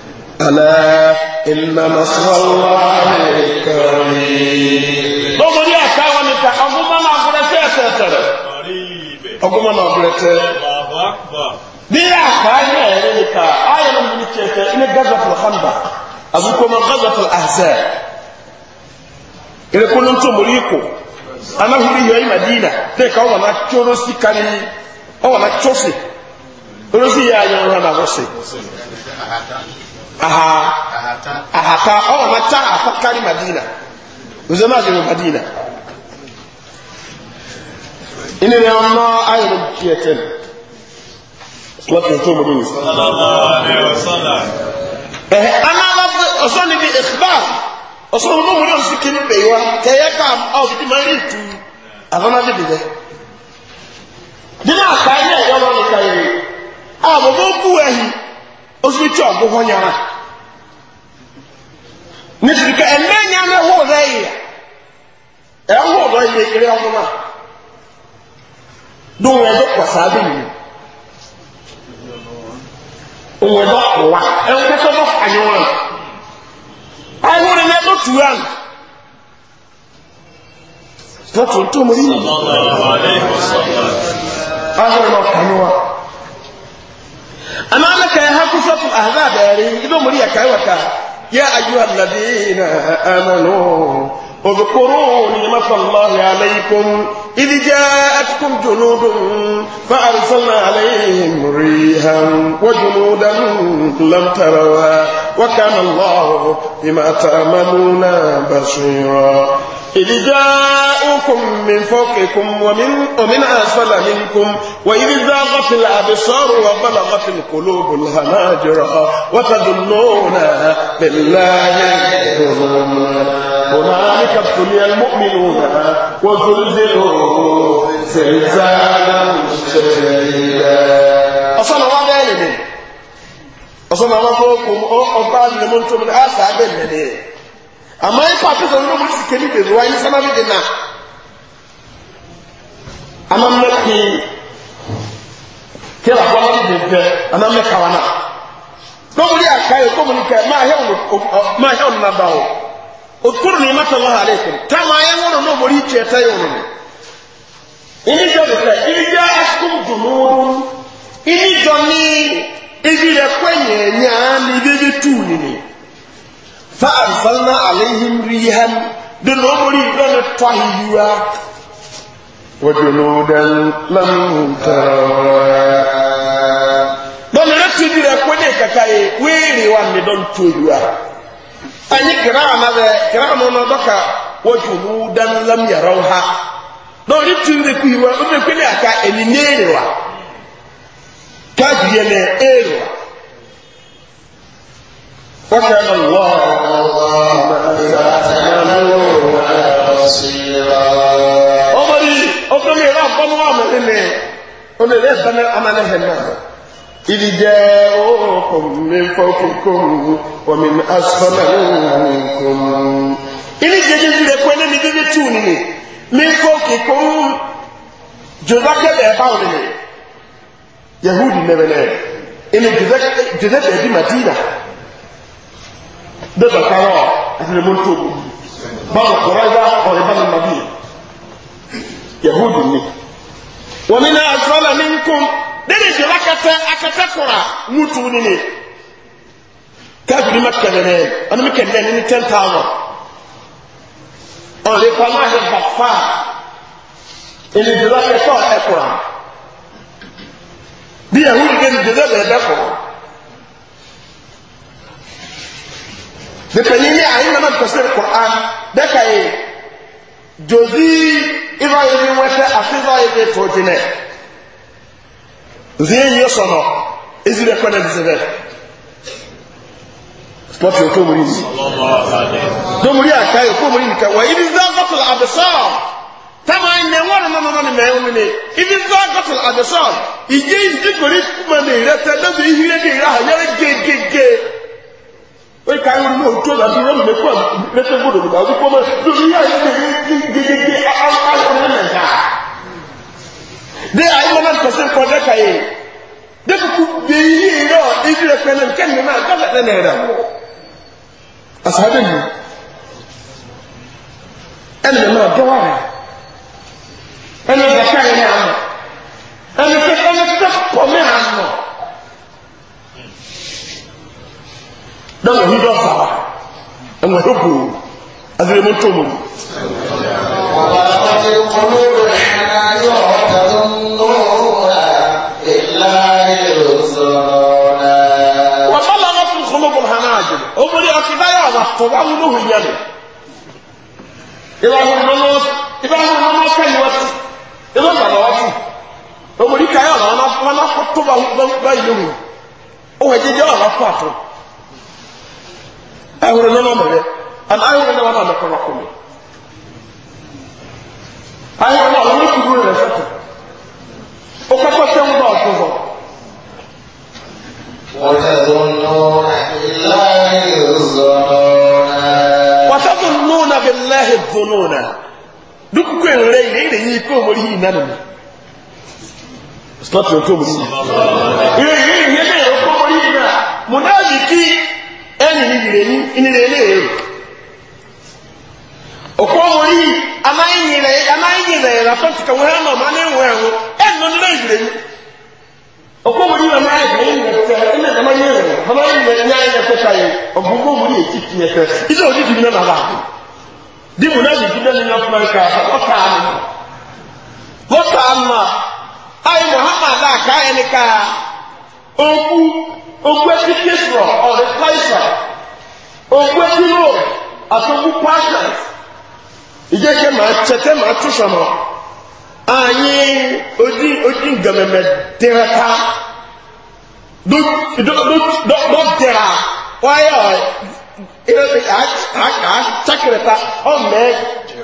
ألا إن نصر الله قريب lọ́gbọ́n ní ẹ̀ka wọn ni ká ọgbọ́n máa gbọ́dọ̀ tẹ́ ẹsẹ̀ tẹ̀rẹ̀ ọgbọ́n máa gbọ́dọ̀ tẹ́ ní ẹ̀ka ní ẹ̀rẹ́ ni ká ayé ló ń bí kẹ̀kẹ́ ní gaza fún hanba àbúkọ máa gaza fún ahzẹ́ ìrẹ́kọ́ ló ń tó mọ̀rí kù anáhùrí yọ ìmàdínà tẹ́ ẹ̀ka wọn náà tí ó rọ́ sí kárí ọwọ́ náà tí ó sì rọ́ sí yẹ ayé wọn náà wọ́ sí. aha ahata ma mata afakari madina ozoma madina ina ne ọnọ ayọrọ kiyeten lọtọ tó mọ ana ẹhẹ anáwó ọsọ níbi ìfúbà ọsọ wọn bọ wọlé ọsọ kìíní bẹyì wa kẹyẹ ká ọsọ máa ń tu àbámá dẹ ẹyọ àbọ̀bọ̀ osi tí ọgbọgbọ nyara nítorí pé ẹmẹ nyara hó ọdọ yìí ẹ hó ọdọ yìí kiri ọmọma dùn wọn ẹdọ pọ sáà bí wọn ẹdọ pọ wa ẹwọn kẹkẹ bọ fànyọwọ ahọ́n ẹdọ tù wá nù tó tó tó mo yí ahọ́n ẹdọ أنا أمامك يا هكفة الأهذاب إذا مريك عوكا يا أيها الذين آمنوا اذكروا نعمة الله عليكم إذ جاءتكم جنود فأرسلنا عليهم ريها وجنودا لم تروا وكان الله بما تأملون بصيرا إذ جاءوكم من فوقكم ومن, ومن أسفل منكم وإذ ذاقت الأبصار وبلغت القلوب الهناجر وتظنون بالله هنالك ابتلي المؤمنون وزلزلوا زلزالا شديدا أصلا ما بيني أصلا ما فوقكم أبعد لمن تمن أسا بيني أما يبقى تزوروا من سكني بزواني سما بدنا أما ملكي kila kwan ni bebe ana me kawana to muri akai ko mun kai ma he on ma he on na dawo ukur ni mata Allah alaikum tama yan wono no muri ce ta yono ìníjọ nìfẹ ìníjọ ẹkún dùnúdùn ìníjọ ní ibi rẹ pẹ̀yẹ̀ ẹ̀yà ní ibi tù nìyí fa àrùfáàná àléhìn rí hàn dùnú orí ìdọ́nà tó àhìyíwá wàjúlódà lámùtàwà. bọ́lá rẹ ti di rẹ pẹ̀lẹ́ kàkà yìí wéèrè wà ní dọ́n tó ìwá anyi kìrá àná bẹ kìrá àná ọ̀nà dọ́kà wàjúlódà lámùyàrá ha. n'oli tuure kuyiwa ome kwene aka eni n'erwa kagiye na erwa وكان الله ọmọdé ọdún mi rà bọ́nú àmọ́ nínú ọdún ilé ìfẹ́lẹ́ amánẹ́hìn náà ìdí jẹ́ ọkùn mi fọ́kùnkùn omi asọ́nà nínú ìdí jẹ́ jẹ́ tù mímkó kíkó ń jòdákẹ́lẹ̀ ẹ̀ báwọn ni yahudi nẹ́bẹ̀lẹ̀ ẹni jòdákẹ́lẹ̀ bí madina bẹ́ẹ̀ bàtàrọ̀ àti lè mọ́tò báwọn kọ̀ọ̀rọ̀ ẹ̀dá ọ̀rẹ́ bá mi màbí yahudi ni wọ́n ní náà sọ́lá ní nkún dẹ́ni jòdákẹ́tẹ́ akẹ́tẹ́ kọ̀ra mútu nínú káfíńdì mẹ́kẹ́lẹ́ ní ọdún mẹ́kẹ́lẹ́ ní ten thousand. On ọ̀lẹ́ pamọ́ ẹ̀ bàfà ènìdìrọ̀ ẹ̀ tọ́ ẹ̀ kura bí ẹ̀hún ìgbé nìdìrọ̀ ẹ̀ bẹ̀ kọ̀ nípa yìí ní àyè nàmà pèsè kùrán dẹ́ka yìí jòdì ìfà yìí ní wẹ́tẹ́ àfihàn yìí ní tó jinlẹ̀ zie yìí sọ̀nà ezibẹ̀ kọ́nà ẹ̀ lọ́tí òkú omori yìí domori àkáyé òkú omori nìkan wà ibi zá gọ́tùl àbẹ̀sọ́ táwọn ẹni ẹ̀wọ́n rẹ̀ nọ́nọ́nọ́ ni mẹ́rin ni ibi zá gọ́tùl àbẹ̀sọ́ ìjẹ́ ìdíkòrí kúmọ̀ ní ìrẹsẹ̀ lọ́sọ̀ ìhìrẹ́ ní ìrẹ́ àyẹ́rẹ́ gégége ó ká irú ní ojú ọ̀la bí rẹ́mi lẹ́kọ̀ọ́ lẹ́sẹ̀ gbọ́dọ̀ nígbà ó kọ́ mọ́ lórí ayé gégége àwọn àwọn ọ̀rẹ́ asaade yi ɛna mɛ mɛ ɔdɔ ara ɛna zaka yɛ ne ano ɛna tɛ ɛna tɛ pɔmɛ ano dɔn ɛhu dɔ fa wa ɛna ɛhu bu adere mo tó mo. àtọ̀wáwú ló hùn yẹn ìbáhùn mọ́mọ́ kẹ́yìn wọ́n sí ìbá bàbá wọ́n fún òmùrí káyọ̀ ọ̀nà wọn afọ tó bá báyìí ló hùn ó wẹ̀ jẹjẹ ọ̀nà afọ àtọ ẹ̀hùn ní ọmọ rẹ àmì ayọ̀ ní wọn àmì kọ́nà kọ́nà ayọ̀ ní ọ̀nà kúrú rẹ̀ sọ̀tọ̀ ó kọ́kọ́ sẹ́wọ́n bá ọ̀tún bọ̀. wọ́n tẹ̀ lọ́nà. nuna duk kwen ne da yi ko muri hina nan stop your come see eh eh ne ne ko na hina munafiki eni ni dire ni ni re le o ko muri amai ni re amai ni re la to ka wona no ma ne wo ho en no le dire ni ha ya ko sai o ko ti ti ne di di munafiki dɛ ne nyɔkuma nka wɔtaa ne ma wɔtaa ne ma ayi muhammad a kaa yɛ ne kaa oku oku eti kisrɔ ɔde kaisa oku eti ro atoku pasas ìjẹ́ kí màá tẹ̀tẹ̀ màá tó anyi odi odi ngɛmɛmɛ dɛrɛ ta do do do do dɛra wáyé ɔyɛ. àtàkìrẹta ọmọ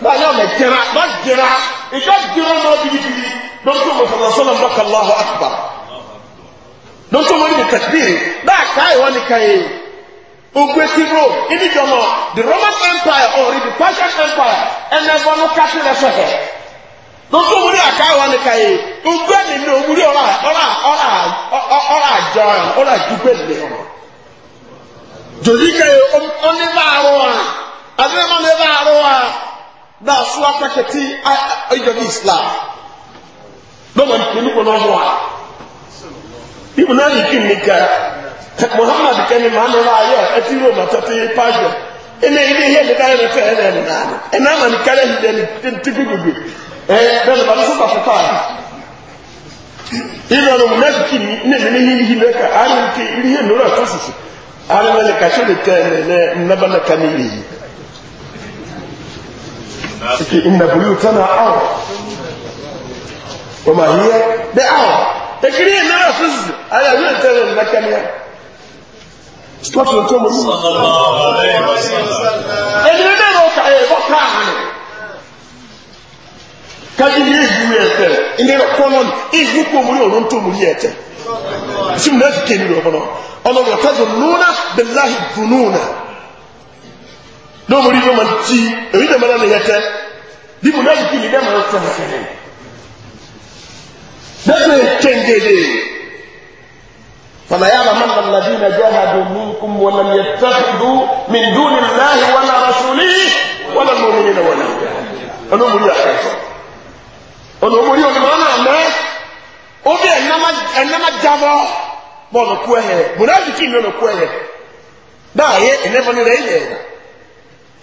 báyọ̀ mẹ jẹra bá jẹra ìjọ jẹra náà bìbìbì lọ́sọ̀ mọ̀sọ̀lá sọ́lá mọ́kà lọ́họ̀ àkùbà lọ́sọ̀ mọ́ ní tẹ̀sí náà ogbe ti ro ibi the roman empire or the persian empire ẹnna ẹgbọn ló kásí rẹ sọhẹ lọ́sọ̀ ní ogbe ni ọ̀rà ọ̀rà ọ̀rà àjọ jòyíkà yẹ ọ́nẹ́bàárọ̀ a àdéhùn ọ́nẹ́bàárọ̀ a na sọ apákẹ́tì ìjọba islam lọ́wọ́ nìkúni kò náà wà ibu na yìí kì í nìkà muhammadu maa màá nọ láàyè ẹtí roma ihe ẹni dáhùn ẹfẹ ẹnna ẹni náà ẹnna àmà ní ihe ale mele kasi le tɛ ne ne naba na kani le yi sike inabuli tana aw o ma hiɛ de aw ekiri yi nana sisi ayi a yi le tɛ ne na kani ya sikɔti le tó mo yi ne b'o ka ye bɔ kaa hàn kasi yi yi yi yɛ tɛ ne kɔnɔ ihu ko mo yi o ló ń tó mo yɛ tɛ sí mùnáfíkì ni wọ́n bọ̀nà ọ̀nà wọ́n tẹ́sù lónà bẹ̀láhì gùnúnà lọ́mọdé yóò máa ti èyí dẹ̀ mẹ́rin yẹ tẹ́ bí mùnáfíkì ni dẹ́mọ̀ ọ̀tún ọ̀tún dẹ́sẹ̀ kéńgéde فلا يعلمن الذين جاهدوا منكم ولم يتخذوا من دون الله ولا رسوله ولا المؤمنين ولا الأولياء الأولياء الأولياء obi ɛnama ɛnama jabɔ bɔ ɔnɔku ɛhɛ munafiki ni ɔnɔku ɛhɛ daa yɛ ɛnɛfɔ ni rɛ yɛ ɛda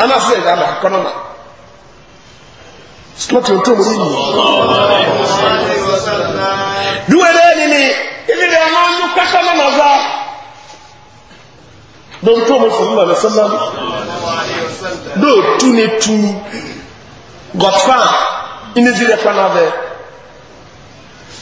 ana sɛ ɛda ba akɔnɔ na sikilɔti o tó mo ni nìyɛ duwɛrɛ ni ni ibi dɛ ɔmɔ nu. kaka na na za dɔn tó mo sɔrɔ lɔrɔ sɛlɛm dɔw tu ni tu gɔtfa inizire kpanabɛ.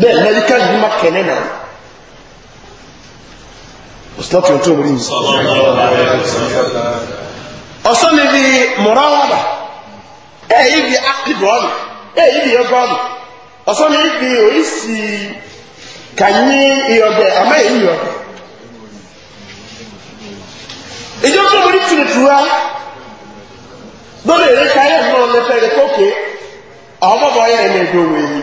bẹ́ẹ̀ mẹ́ríkà yìí má kẹ́lẹ́ náà ọ̀sán tí ó tó mú ní ọ̀sán ni bí mọ̀ráwàbà ẹ̀ yìí bí ákìdù ọ̀nà ẹ̀ yìí bí ẹgbẹ́ ọ̀nà ọ̀sán ni bí oríṣi kànyí ìyọ̀bẹ̀ àmọ́ èyí yọ̀bẹ̀ ìjọ tó mú ní tìrìtìrà lórí èrè káyọ̀ náà lẹ́fẹ̀ẹ́ rẹ̀ kókè àwọn bọ̀bọ̀ ọ̀yẹ́ ẹ̀ ní ẹgbẹ́ òwe yìí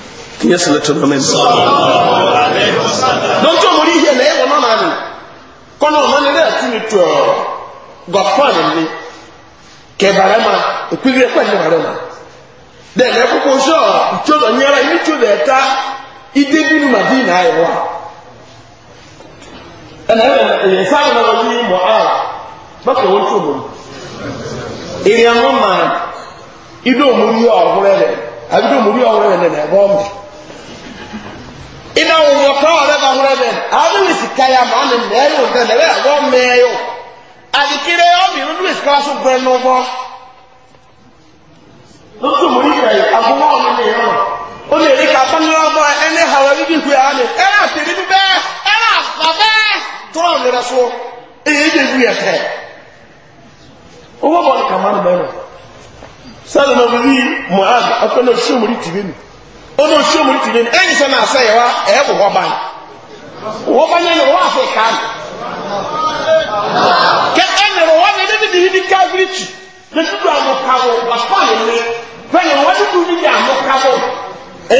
kìí ẹsẹ̀ lẹ́tọ̀ náà mẹ́rin. dọ́ńtò mo rí yẹn lẹ́yìn wọn náà rìn kọ́nà ọ̀nà ni rẹ̀ tún tu ọ̀ gọ̀fọ́n ni kẹbàrẹ́ ma òkúri ẹ̀kọ́ e ẹ̀ní bàrẹ́ ma. dẹ̀lẹ́ kókó sọ ìtòlọ̀ nyẹ́ra yìí tó dẹ̀ ta ìdí bí màdí nà ayọ̀ wa. ẹnna ẹ̀yẹ sáré náà wọ́n yí mọ̀ á bákan wọ́n tó mọ̀ ìrìn àwọn mọ̀ idó òmùrí ọ̀hún rẹ̀ àbí idó òmùrí ọ̀hún rẹ̀ nẹ̀ ina wòwò kọ́ ọ̀rẹ́ ya hóró bẹ́ẹ̀ àwọn ìsì káyà máa mi mẹ́rin ò bẹ́ẹ̀ lẹ́wẹ́ àwọn mẹ́ẹ̀yọ àdìkiri ọ̀mì nínú ìsì káwá na gbẹ́ ní ọgbọ́n. lótú mo o lè rí ká fún ọgbọ́n ẹni hàwẹ́ bíbí ìhùwẹ́ àwọn ni ẹ̀rọ àtẹ̀lé bí bẹ́ẹ̀ ẹ̀rọ àgbà bẹ́ẹ̀ tó ọ̀nà onye oṣù omi ti dé ẹ̀yìn na asa yẹ wa ẹ̀ wọ̀ wọ́n báyìí afọ bá yẹn lọ́wọ́ àṣẹ kan na ẹ̀yìn lọ́wọ́ ni ẹ̀dẹ́ni di chi? káfírí tù ní dúdú àwọn kawọ wà fún àyè ní bẹ́ẹ̀ wọ́n dúdú níbi àwọn kawọ ẹ̀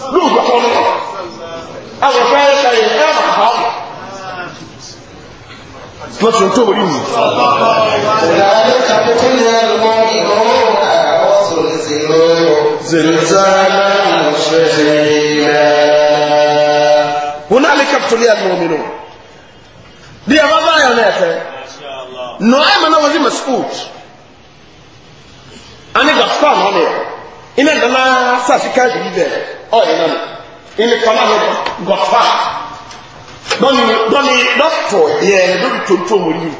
lóògbé kọ́nù àwọn fẹ́ ṣayẹ ẹ má bá wọn. wọ́n ti ń tó wọlé mi. ìlànà kàkókò ní ẹlòmọ́ ìgbọ́n àwọn sọ̀rọ̀ sí lóyún. zèlzàlá mọ̀ṣẹ́ ṣẹlẹ̀. wọn náà lè kàpítọ́lì àgbọ̀n mi nù. bí ẹ bá bá yàn náà fẹ́. nọ ẹ mọ náà wọ́n di mẹ́sùkúùtù. ani gàfúrà mọ́ mi ọyẹ náà ilé kọ́má ló gọ̀fà dọ́ni dọ́ni dọ́tọ̀ yẹ lórí tóntó mo yìí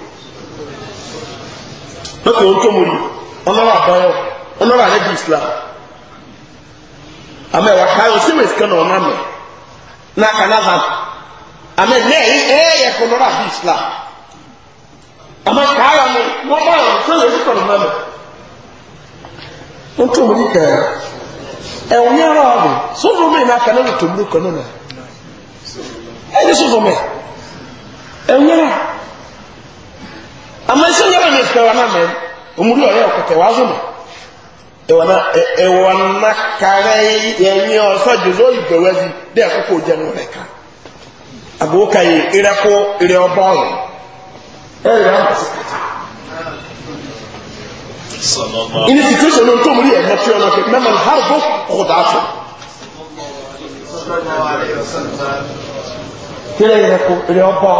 lórí tóntó mo yìí ọlọ́wọ́ àbáyọ ọlọ́wọ́ àlẹ́ bí islam àmọ́ ẹ̀wà káyọ̀ sí wèé sikẹ́ náà ọ̀nà mẹ́ náà kàná hàn àmọ́ ẹ̀ ẹ̀ ẹ̀ yẹ kọ́ lọ́wọ́ àbí islam àmọ́ káyọ̀ mi wọ́n bá ọ̀ sọ́yẹ̀ sí kọ́ ọ̀nà mẹ́ tóntó mo yìí kẹ́ẹ̀. ẹ̀wọ̀nyẹ́ rọ̀ ọ̀dọ̀ sọ́sọ́ mi náà kẹ́lẹ́ ló tó mú kọ́ náà ẹ̀ ní sọ́sọ́ ẹ̀wọ̀nyẹ́ rọ̀ àmọ́ ẹ̀sẹ̀ yẹ́rọ̀ mi fẹ́ wa náà mẹ́ òmùdí ọ̀yẹ́ ọ̀kọ̀tẹ̀ wá sọ́mọ̀ ẹ̀wọ̀n náà kàrẹ́ ẹ̀yìn ọ̀sọ́ jòzó ẹ̀kọ́kọ́ ini situation no ntomu yɛ ɛmɛ tiɛ ɔnɔkɛ mɛ man harbo kɔdaafo kele yɛrɛ ko ele ɔbɔ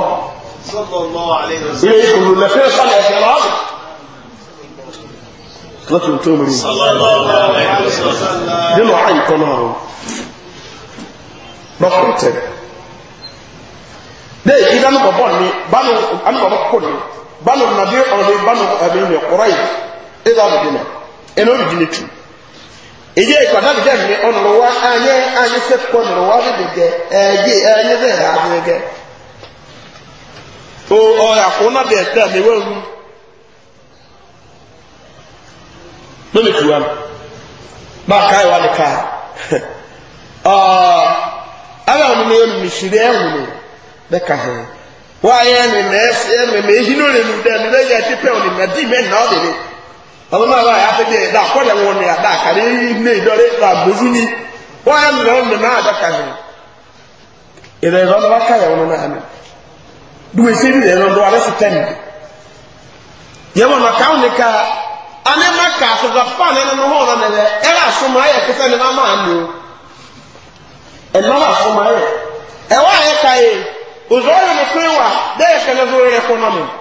ele yi kulu lɛ fɛn fa lɛ fɛn lɔ ala tun ntomu yi nínú ayi kɔnɔ o lɔkùnrin tɛ de idanu bɔbɔ ni banu anu bɔbɔ ko ni banu nabi ɔni banu ɛbi ni kɔrɔ yi. ịza bụ obi dịna tu eji ekwa na bi ọnụrụwa anyị anyị sekwa ọnụrụwa dị dị gị e, e, anyị dị ha adịghị gị o ọya kwụ na bi ete a <laughs> e na ewe owu lórí tuwa mi máa ká ìwà nìkan ọ ala ọmọ mi yẹn mi siri ẹwùn mi bẹ ka hàn wọ́n ayé ẹni mẹ́ẹ́sì àwọn náà wà yàtọ̀ bí ẹ̀dá akọ́dẹ̀ wọn ni àdá àkàrí ní ìdọ́rẹ́ ìlú àgbójú ni wọ́n yà lọ ọ̀nà náà àdọ́kà ni ìrẹ̀ ìrọ̀ lọ́wọ́ káyà wọn náà ni dùwẹ̀ sí ìrẹ̀ ìrọ̀ lọ́wọ́ alẹ́sì tẹ̀ mí. yẹ wọn náà káwọn nìka alẹ́ má kà àtọ̀gbà fáànù ẹni nínú hàn ọ̀nà rẹ̀ ẹ̀ rà sọmọ ayẹ kẹfẹ́ ni wọ́n máa lò ẹ̀ lọ́ rà sọmọ ayẹ ẹ̀ wọ́n ayẹ káyè òzò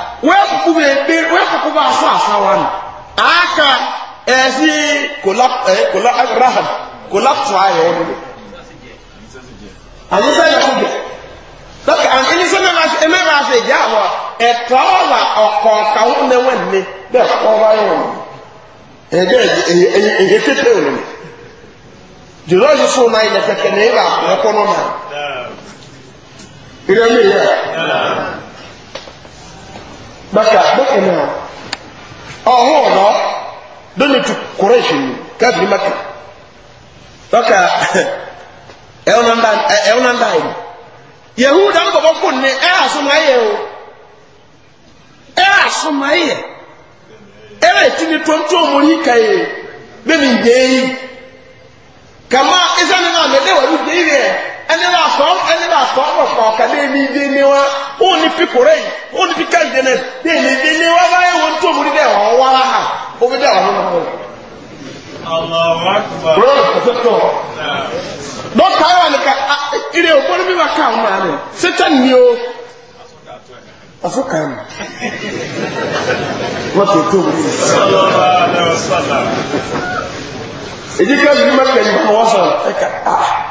wẹ́kùkùbà ebe wẹ́kùkùbà asọ asawa nù aka ẹ̀sí kola ẹ̀ kola rahab kola tó ayọ̀ ọ̀dọ̀ lọ. àyíká yẹ kó bẹ dọkà àti ní sẹ́mi ma ṣe mẹ́ta ṣe ìjà àwọ̀ ẹ̀tọ́ ọ̀la ọ̀kọ̀ kàwọn mẹ́wẹ́ ní bẹ́ẹ̀ kọ́ ọba yọ̀ ọ̀nà ẹ̀dẹ́ ẹ̀yẹ kété òní jùlọ yìí fún náà ilẹ̀ kẹkẹ ní ìlà ẹ̀kọ́ náà. ìrẹ́mi yẹ baka baka na ọhụ ọzọ dọnye tu kureshi ni kafiri maka baka ẹwọn <laughs> eh, nda yi yehu eh, dan bọbọ kun ni ẹ eh, asomayẹ o ẹ asomayẹ ẹ bẹ ti ni tonto omori ka ye bẹ ni ndeyi kama ẹsẹ ni naa mẹ ẹ wà ní ndeyi rẹ ẹni bá kọ́ ẹni bá kọ́ ọ̀rọ̀ kọ̀ọ̀kan ní ẹni dé ní wa ó ní pípò rẹ̀ yìí ó ní píkà ìdè náà ní ẹni dé wa báyìí wọn tó mu ní dẹ̀ wọ́n wá ó fi dẹ̀ wọ́n wọn. dọ́kítà yóò ní ká ìrè ògbóni bí wà ká àwọn máa rẹ̀ sẹ́tẹ̀ ni o ọ̀fọ̀ kàn mí wọ́n ti tó mu ní. èyí ká ìdí má kẹ́yìn bá wọ́n sọ̀rọ̀ ẹ̀ka ah.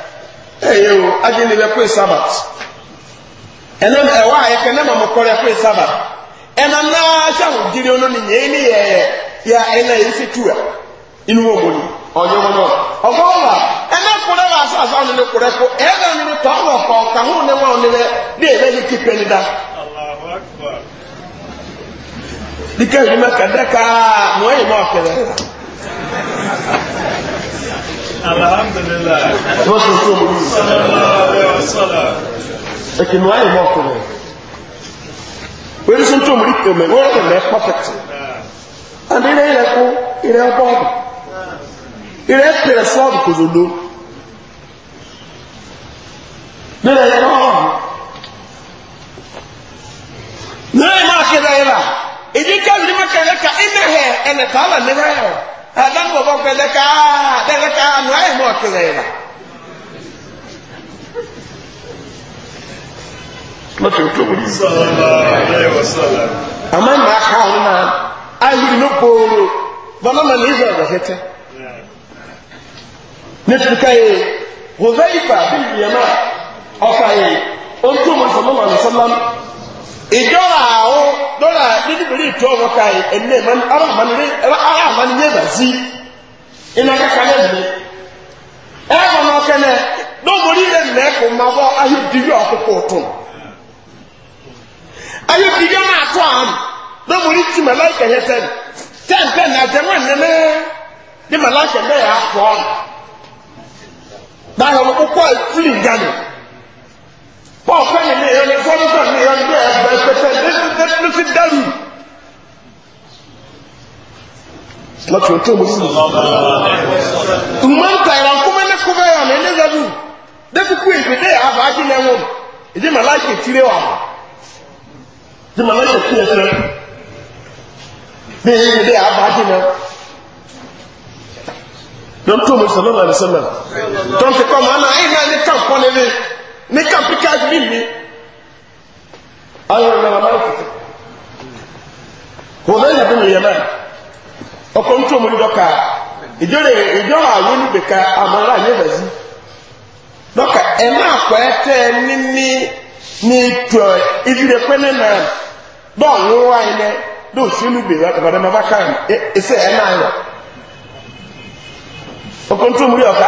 ɛyɛ o agye sabat ɛnam ɛwɔ a yɛkɛ ne ma mo sabat ɛnam naa hyɛ ahodiri no ne nyɛ ne yɛ yɛ ɛna yɛ tua inu wɔ boni ɔnyɛ wɔn no ɔbɔ wa ɛnam kɔrɛ wa asase ɔne ne kɔrɛ ko ɛna ka ho ne alhamdulilayi. tí wọ́n ṣe fún omi. ẹ̀kìnnú ayé mọ́ ọkùnrin. wẹ́n sún tó omi kẹ̀mẹ́ wọ́n yẹ kẹ̀mẹ́ pọ́fẹ̀tì. àti ilé ilẹ̀ kú ilẹ̀ bọ́ọ̀bù. ilẹ̀ pèrè sọ́ọ̀bù kòzòdó. nílẹ̀ yẹn náà. nílẹ̀ yẹn náà kéde yẹn la. èdè kẹ́lù ní mọ̀kẹ́lẹ́ ka ẹ̀mẹ̀ hẹ̀ tààlà nílẹ̀ yẹn. ẹ̀dá bọ̀ bọ̀ pẹ̀ dẹ́ka dẹ́ka nù ayé mọ̀ kẹlẹ̀ yẹn. lọ́tọ̀ tó wọlé. àmọ́ ìmọ̀ aka ọ̀hún náà ayélujára ní kpóòrò bọ́lá mọ̀ ní ìzọ̀ ọ̀dọ̀ kẹtẹ. nítorí káyé wòlé ìfà bí ìyẹmà ọ̀fà yìí ó ń tó dọ́là ndị ìtọ́ ọmọ káyì ẹ̀mí aráàmániyé bàzí iná kaka lẹ́nu ẹ̀rọ náà kẹ́lẹ́ lọ́mọdé lẹ́ mẹ́kọ̀ máa bọ́ ayédìrí ọ̀kọ̀kọ̀ ọ̀tún ayédìrí ọmọ àtọ́ àmì lọ́mọdé tì mẹ́lá ìkẹyẹ tẹ́lẹ̀ tẹ́ǹtẹ́ ní àjẹmọ́ ẹ̀nẹ́mẹ́ ní mẹ́lá ìkẹyẹ tẹ́lẹ̀ àpọ̀ ọ̀nà báyọ̀ ọmọ paul fẹ́yìn ní ìyọ́ni fọ́nùkà ní ìyọ́ni bí ẹgbẹ́ pẹ́tẹ́ ló fi dẹ́rù lọ́tí òtún mo sì mọ́ǹkà ìrà nkúmẹ́ ní kúfẹ́ yà ní ilé rẹ̀dù dẹ́kùkú ìgbèdè àbá ájí lẹ́wọ̀n ìdí màláìkì ìtìrẹ́ wà ìdí màláìkì ìtìrẹ́ fẹ́ bí ìgbèdè àbá ájí lẹ́wọ̀n lọ́tí òmùsùlùmí ní kàmpíkà sí mi ayọ̀ ìlànà máa ń fòfò kò lẹ́yìn àbí nìyẹn náà ọkọ̀ ń tó omi dọ́ka ìjọ rẹ̀ àwọn àmàlà sí dọ́ka ẹ̀ máa kọ́ ẹ tẹ́ ẹ ní ní ní ìdílé pẹ́ẹ́nẹ́ náà ẹsẹ̀ ẹ̀ náà yọ ọkọ̀ ń omi dọ́ka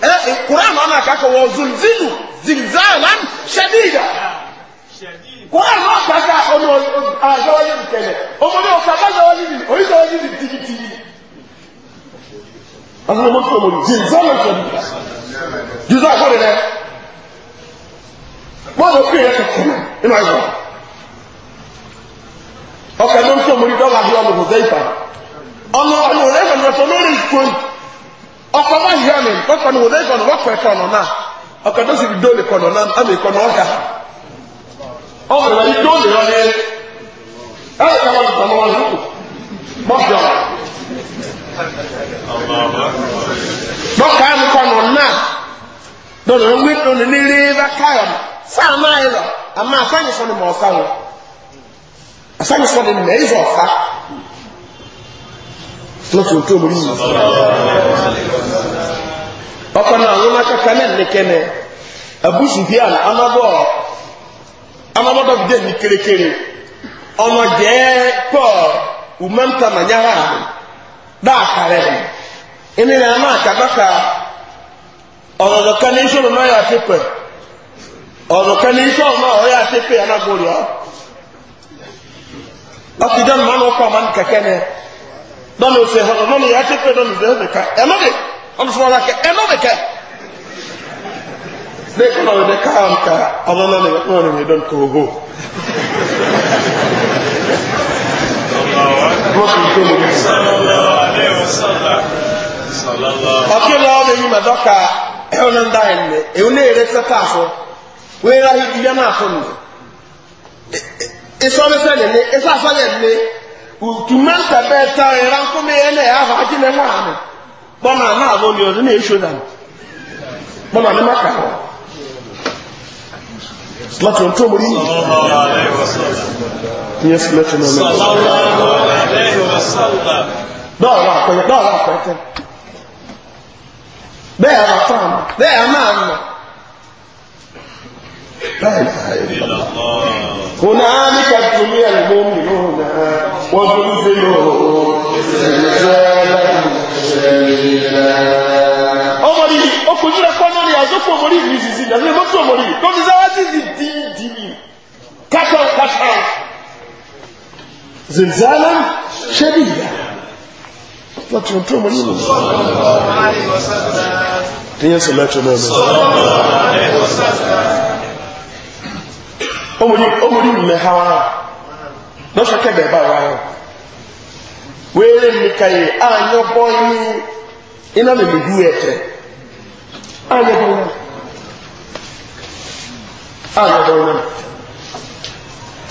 Quran ana kaka wa zulzilu zilzalan shadida Quran ana kaka ono azawali mkele omo ni okaba zawali ni oyi zawali ni tigi tigi azawali mo ko mo zilzalan shadida juza ko de mo lo pe ko ko ina yo ọkà ló ń tó mo ní dọ́là bí ọmọ kò zẹ́ ìfà ọmọ ọmọ rẹ̀ fẹ̀ lọ́sọ̀ lórí ìkọ́ni ọkọ ma hìá mi ọkọ ni wòlé kọnọ wọkọ ẹkọnọ náà ọkọ tó sì di dóòlì kọnọ náà ama ìkọnọ ọkà ọkọ wà ní dóòlì wọn yẹn ẹ ẹ wọn kọ wọn lóko bọkọ bọkọ àmì kọnọ náà dọdọ wí tóni ní rí bá káyọ lọ́tí òtú omi yìí ọkọ̀ náà wọ́n ebusu kàkà na nìkẹ́nẹ̀ abusufian amabọ́ amabọ́dọ̀ bìdẹ̀ ọmọ jẹ́ pọ̀ umanta manyara dáàkà rẹ̀ ẹni náà máa kàkàkà ọ̀rọ̀ kan ní sọ̀rọ̀ náà yà sépè ọ̀rọ̀ kan ọ sọ̀rọ̀ náà yà sépè anagbóríà ya náà máa ń wọ́pọ̀ àmà dɔnni sɛ hɔn ɔno ni yɛte pe dɔnni sɛ ɛdeka ɛno de ɔno sɔ ɔna kɛ ɛno de kɛ ne kɔnɔ de kaa nka ɔno na ne ɔno na ne dɔn ko ho ɔkè lɔɔ de yima dɔka ɛwɔ ne nda yɛn ne ewu ne yɛrɛ sɛ taa so wɛrɛ ahi yɛ naa so no esɔre e, e, sɛ ne ne esɔ asɔ yɛ ne utumanta bɛɛ ta yɛrɛ nkumi yɛ ne yɛ afa akyi ne ho ano bɔnna ana abo ni ɔdi ne esu da no bɔnna ne ma ka hɔ lati o tom ri yi n yɛ sinɛ tunu ne dɔwɔrɔ akɔyɛ dɔwɔrɔ yɛ afa ano bɛɛ yɛ ama ano bɛɛ yɛ afa ano hunaalika dunuya lomi وتنزله زلزالا شديدا ọmọdé ọkùnrin rẹ kọ́nà rẹ àzọ́pọ̀ ọmọdé ìlú ìsìsì ìdàgbé mọ́tò ọmọdé lórí záwájú ti di ìdìbì kápẹ́ kápẹ́ zilzala ṣẹ́díyà láti ọ̀tún ọmọdé ìlú tíyẹn sọ láti ọmọdé ọmọdé ọmọdé mẹ́hàwá lọ́sọ̀ kẹ́bẹ̀ bá wa wọn wéèrè nìkan yìí àyàn bọ́ ní iná mi lè hu ẹ̀tẹ̀ àyàn bọ́ wọn àyàn bọ́ wọn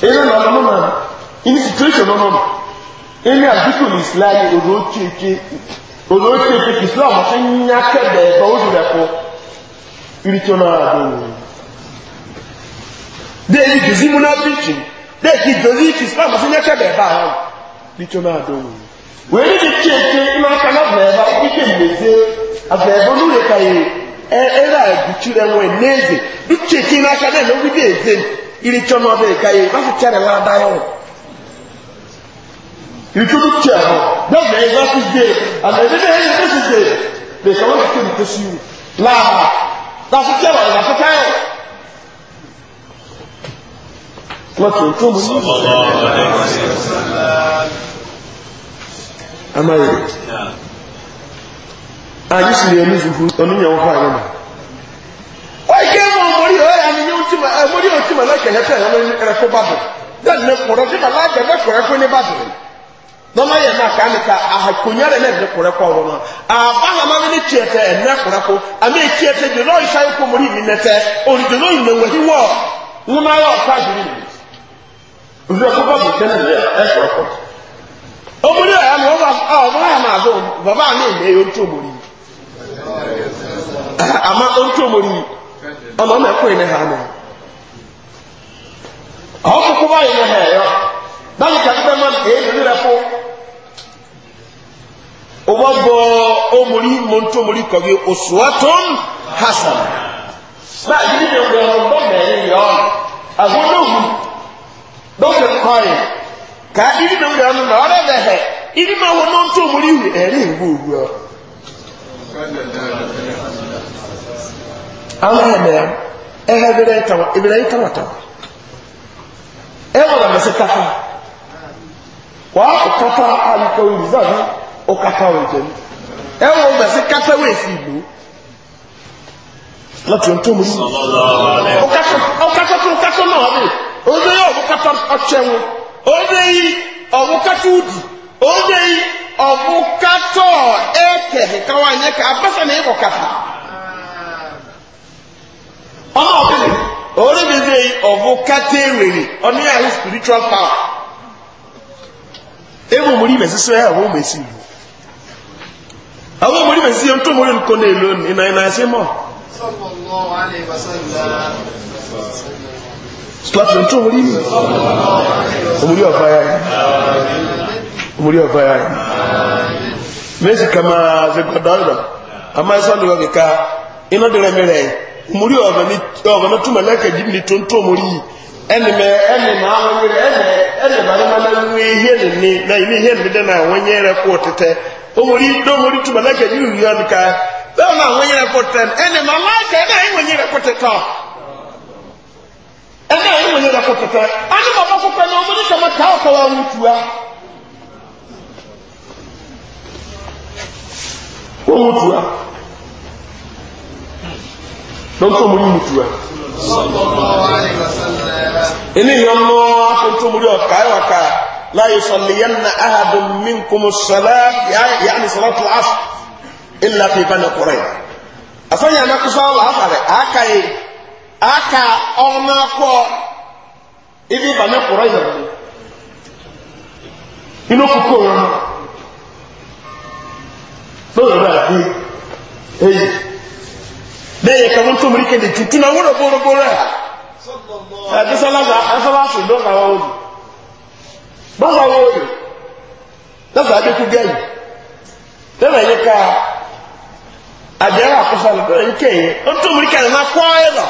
iná nà ọmọ nà iní situation ọmọ nà iní àdúgbò ní islam òdò òkèèké òdò òkèèké kì islam ọ̀sẹ̀ nyá kẹ́bẹ̀ bá ó dùn ẹ̀kọ́ irítí ọ̀nà àdó wọn. Déyìí bìzí múná bíjì deki dozi ti islam ọsẹ nyẹ kẹbẹ ẹba ahọ bitọ náà dọ wọn. wèyí ti tí eke iná kaná bẹẹba kíkẹ We abẹẹbọ lóore kàyé ẹ ẹrà ẹbùtú rẹ wọn ẹnẹẹzẹ bitọ eke iná kaná ẹnẹ wíwí ẹzẹ ìrìtsọ náà bẹẹ kàyé báfi tẹ ẹrẹ wọn adáyọ. ìrìtsọ ló tẹ ẹhọ gbẹgbẹ ẹgbẹ ti gbé àmì ẹgbẹ ẹgbẹ ẹgbẹ ti gbé bẹẹ kàwọn ti tẹ ẹbùtọ sí i láàbà láti tẹ ẹwà ẹgbẹ mọ́tò tó mú ní amáyé ayé sì lè ní ìṣùkú oníyàwó fún àyẹ̀mọ̀ wọ́n ké mọ̀ mọ̀rí ọ̀yà àmì yóò tí ma mọ̀rí ọ̀tí ma láìka ẹ̀yẹ́ tẹ̀ ẹ̀yẹ́ ẹ̀rẹ́ kó bá bọ̀ dẹ́n ní kọ̀rọ̀ tí ma láìka ẹ̀yẹ́ kọ̀rọ̀ kó ní bá bọ̀ lọ́mọ yẹn náà ká ní ká àhàkùnyá rẹ̀ náà ẹ̀yẹ́ kọ̀rọ̀ kọ̀ ọ̀rọ̀ náà àbáhàmá mi ní tiẹ̀ tẹ̀ ẹ̀yẹ́ kọ̀rọ̀ kó àmì tiẹ̀ tẹ̀ jọ̀lọ́ ìsáyẹ̀kọ̀ mọ̀rí mi nẹ́tẹ̀ òrìjọ̀lọ́ ìnẹ̀wẹ̀ yíwọ̀ ńlọ́mọ ayọ̀ ọ̀ká àdúrà ndu ọkụkọ bụ nke na ya ẹsọ ọkọ ọmụdị ya ma ọba ọba ya ma azụ baba a na-eme ya otu omori ama otu omori ọnụ ọ na-ekwe ne ha anya ọkụkọ ba ya ne ha ya báyìí kàtí bẹ́ẹ̀ máa dé lórí rẹ fún ọba bọ omori mọtò omori kọbi osuwatom hasan báyìí ní ìgbà ọgbọ mẹrin yọ ọ àwọn olóhùn dɔkita kɔɛ kaa ibi na wuli ɔno na ɔbɛ bɛ hɛ ibi ma wɔ no nto omori wi ɛyɛ ewu owu ɔ awo hɛ mɛ ɛhɛ bi lɛ tawa ebi lɛ tawa tawa ɛwɔ na mɛ se kata waa ɔkata alikɔ wuli o ɔkata wɔ nkyɛn ɛwɔ mɛ se kata wɔ efi ibu o ɔntɔn mu si ɔkata ɔkata tó ɔkata náà wà bẹ́ẹ̀ oze yi ɔbukata ɔkyɛwo oze yi ɔbukata udi oze yi ɔbukata ɛkɛhɛ kawa nyɛ ka abasa na ebɔ kata ɔno ɔbɛnɛ ɔno bebe yi ɔbukata ewere ɔno yɛ ahu spiritual power ebi omori mɛsisɛ yɛ ɔwɔ mɛsi yi àwọn ọmọdé bẹ̀rẹ̀ sí ẹni tó mọ́rin kọ́ ní ìlú ìnáyìnáyìí sí mọ́. sọ́kùnrin lọ́wọ́ alẹ́ ìbáṣẹ́ ìlú slapson tó omori mi omori ọba ya yi omori ọba ya yi mesi kama zegbadọrọ ama ẹsọ ni wọn kika iná dẹrẹ mi rẹ omori ọba ni ọba ni túmọ̀ lẹ́kẹ̀ jí ni tó ń tó omori yìí ẹni mẹ ẹni mẹ àwọn ẹni ẹni mẹ ẹni mẹ ihe ni na ìní ihe ni dẹ na àwọn ẹni rẹ kó tẹtẹ omori dọ omori túmọ̀ lẹ́kẹ̀ jí ni yọ nìka bẹ́ẹ̀ ni àwọn ẹni rẹ kó tẹ ẹni mẹ ọmọ ẹkẹ ẹni àwọn rẹ kó tẹtọ ɛnna ɛyɛ wɔn nyɛ dɛ kɔkɔtɔ ɛnna wɔn kɔkɔtɔ na wɔn nisɛn wɔn taa ɔkɔ wɔn tua wɔn tua dɔnkɔ wɔn yi mu tua ɛnna yɛn mo akoto mu di ɔka ɛwɔ ka láyé sɔliyɛn na ahadu minkum sɔlá yaani sɔlá tó af ilà fi ba na kɔrɔ yi afɛn yɛn afa rɛ aka aka ọnụ akwọ ibi banye kwụrụ ya inú kúkú òun mọ lórí rẹ àbí èyí bẹ́ẹ̀ yẹ kàwọn tó mìíràn kéde tuntun náà wúlò bórobóró ẹ̀ ẹ̀bí sọ́lájà ẹ̀fọ́lá sùn lọ́sà wọn òdì lọ́sà wọn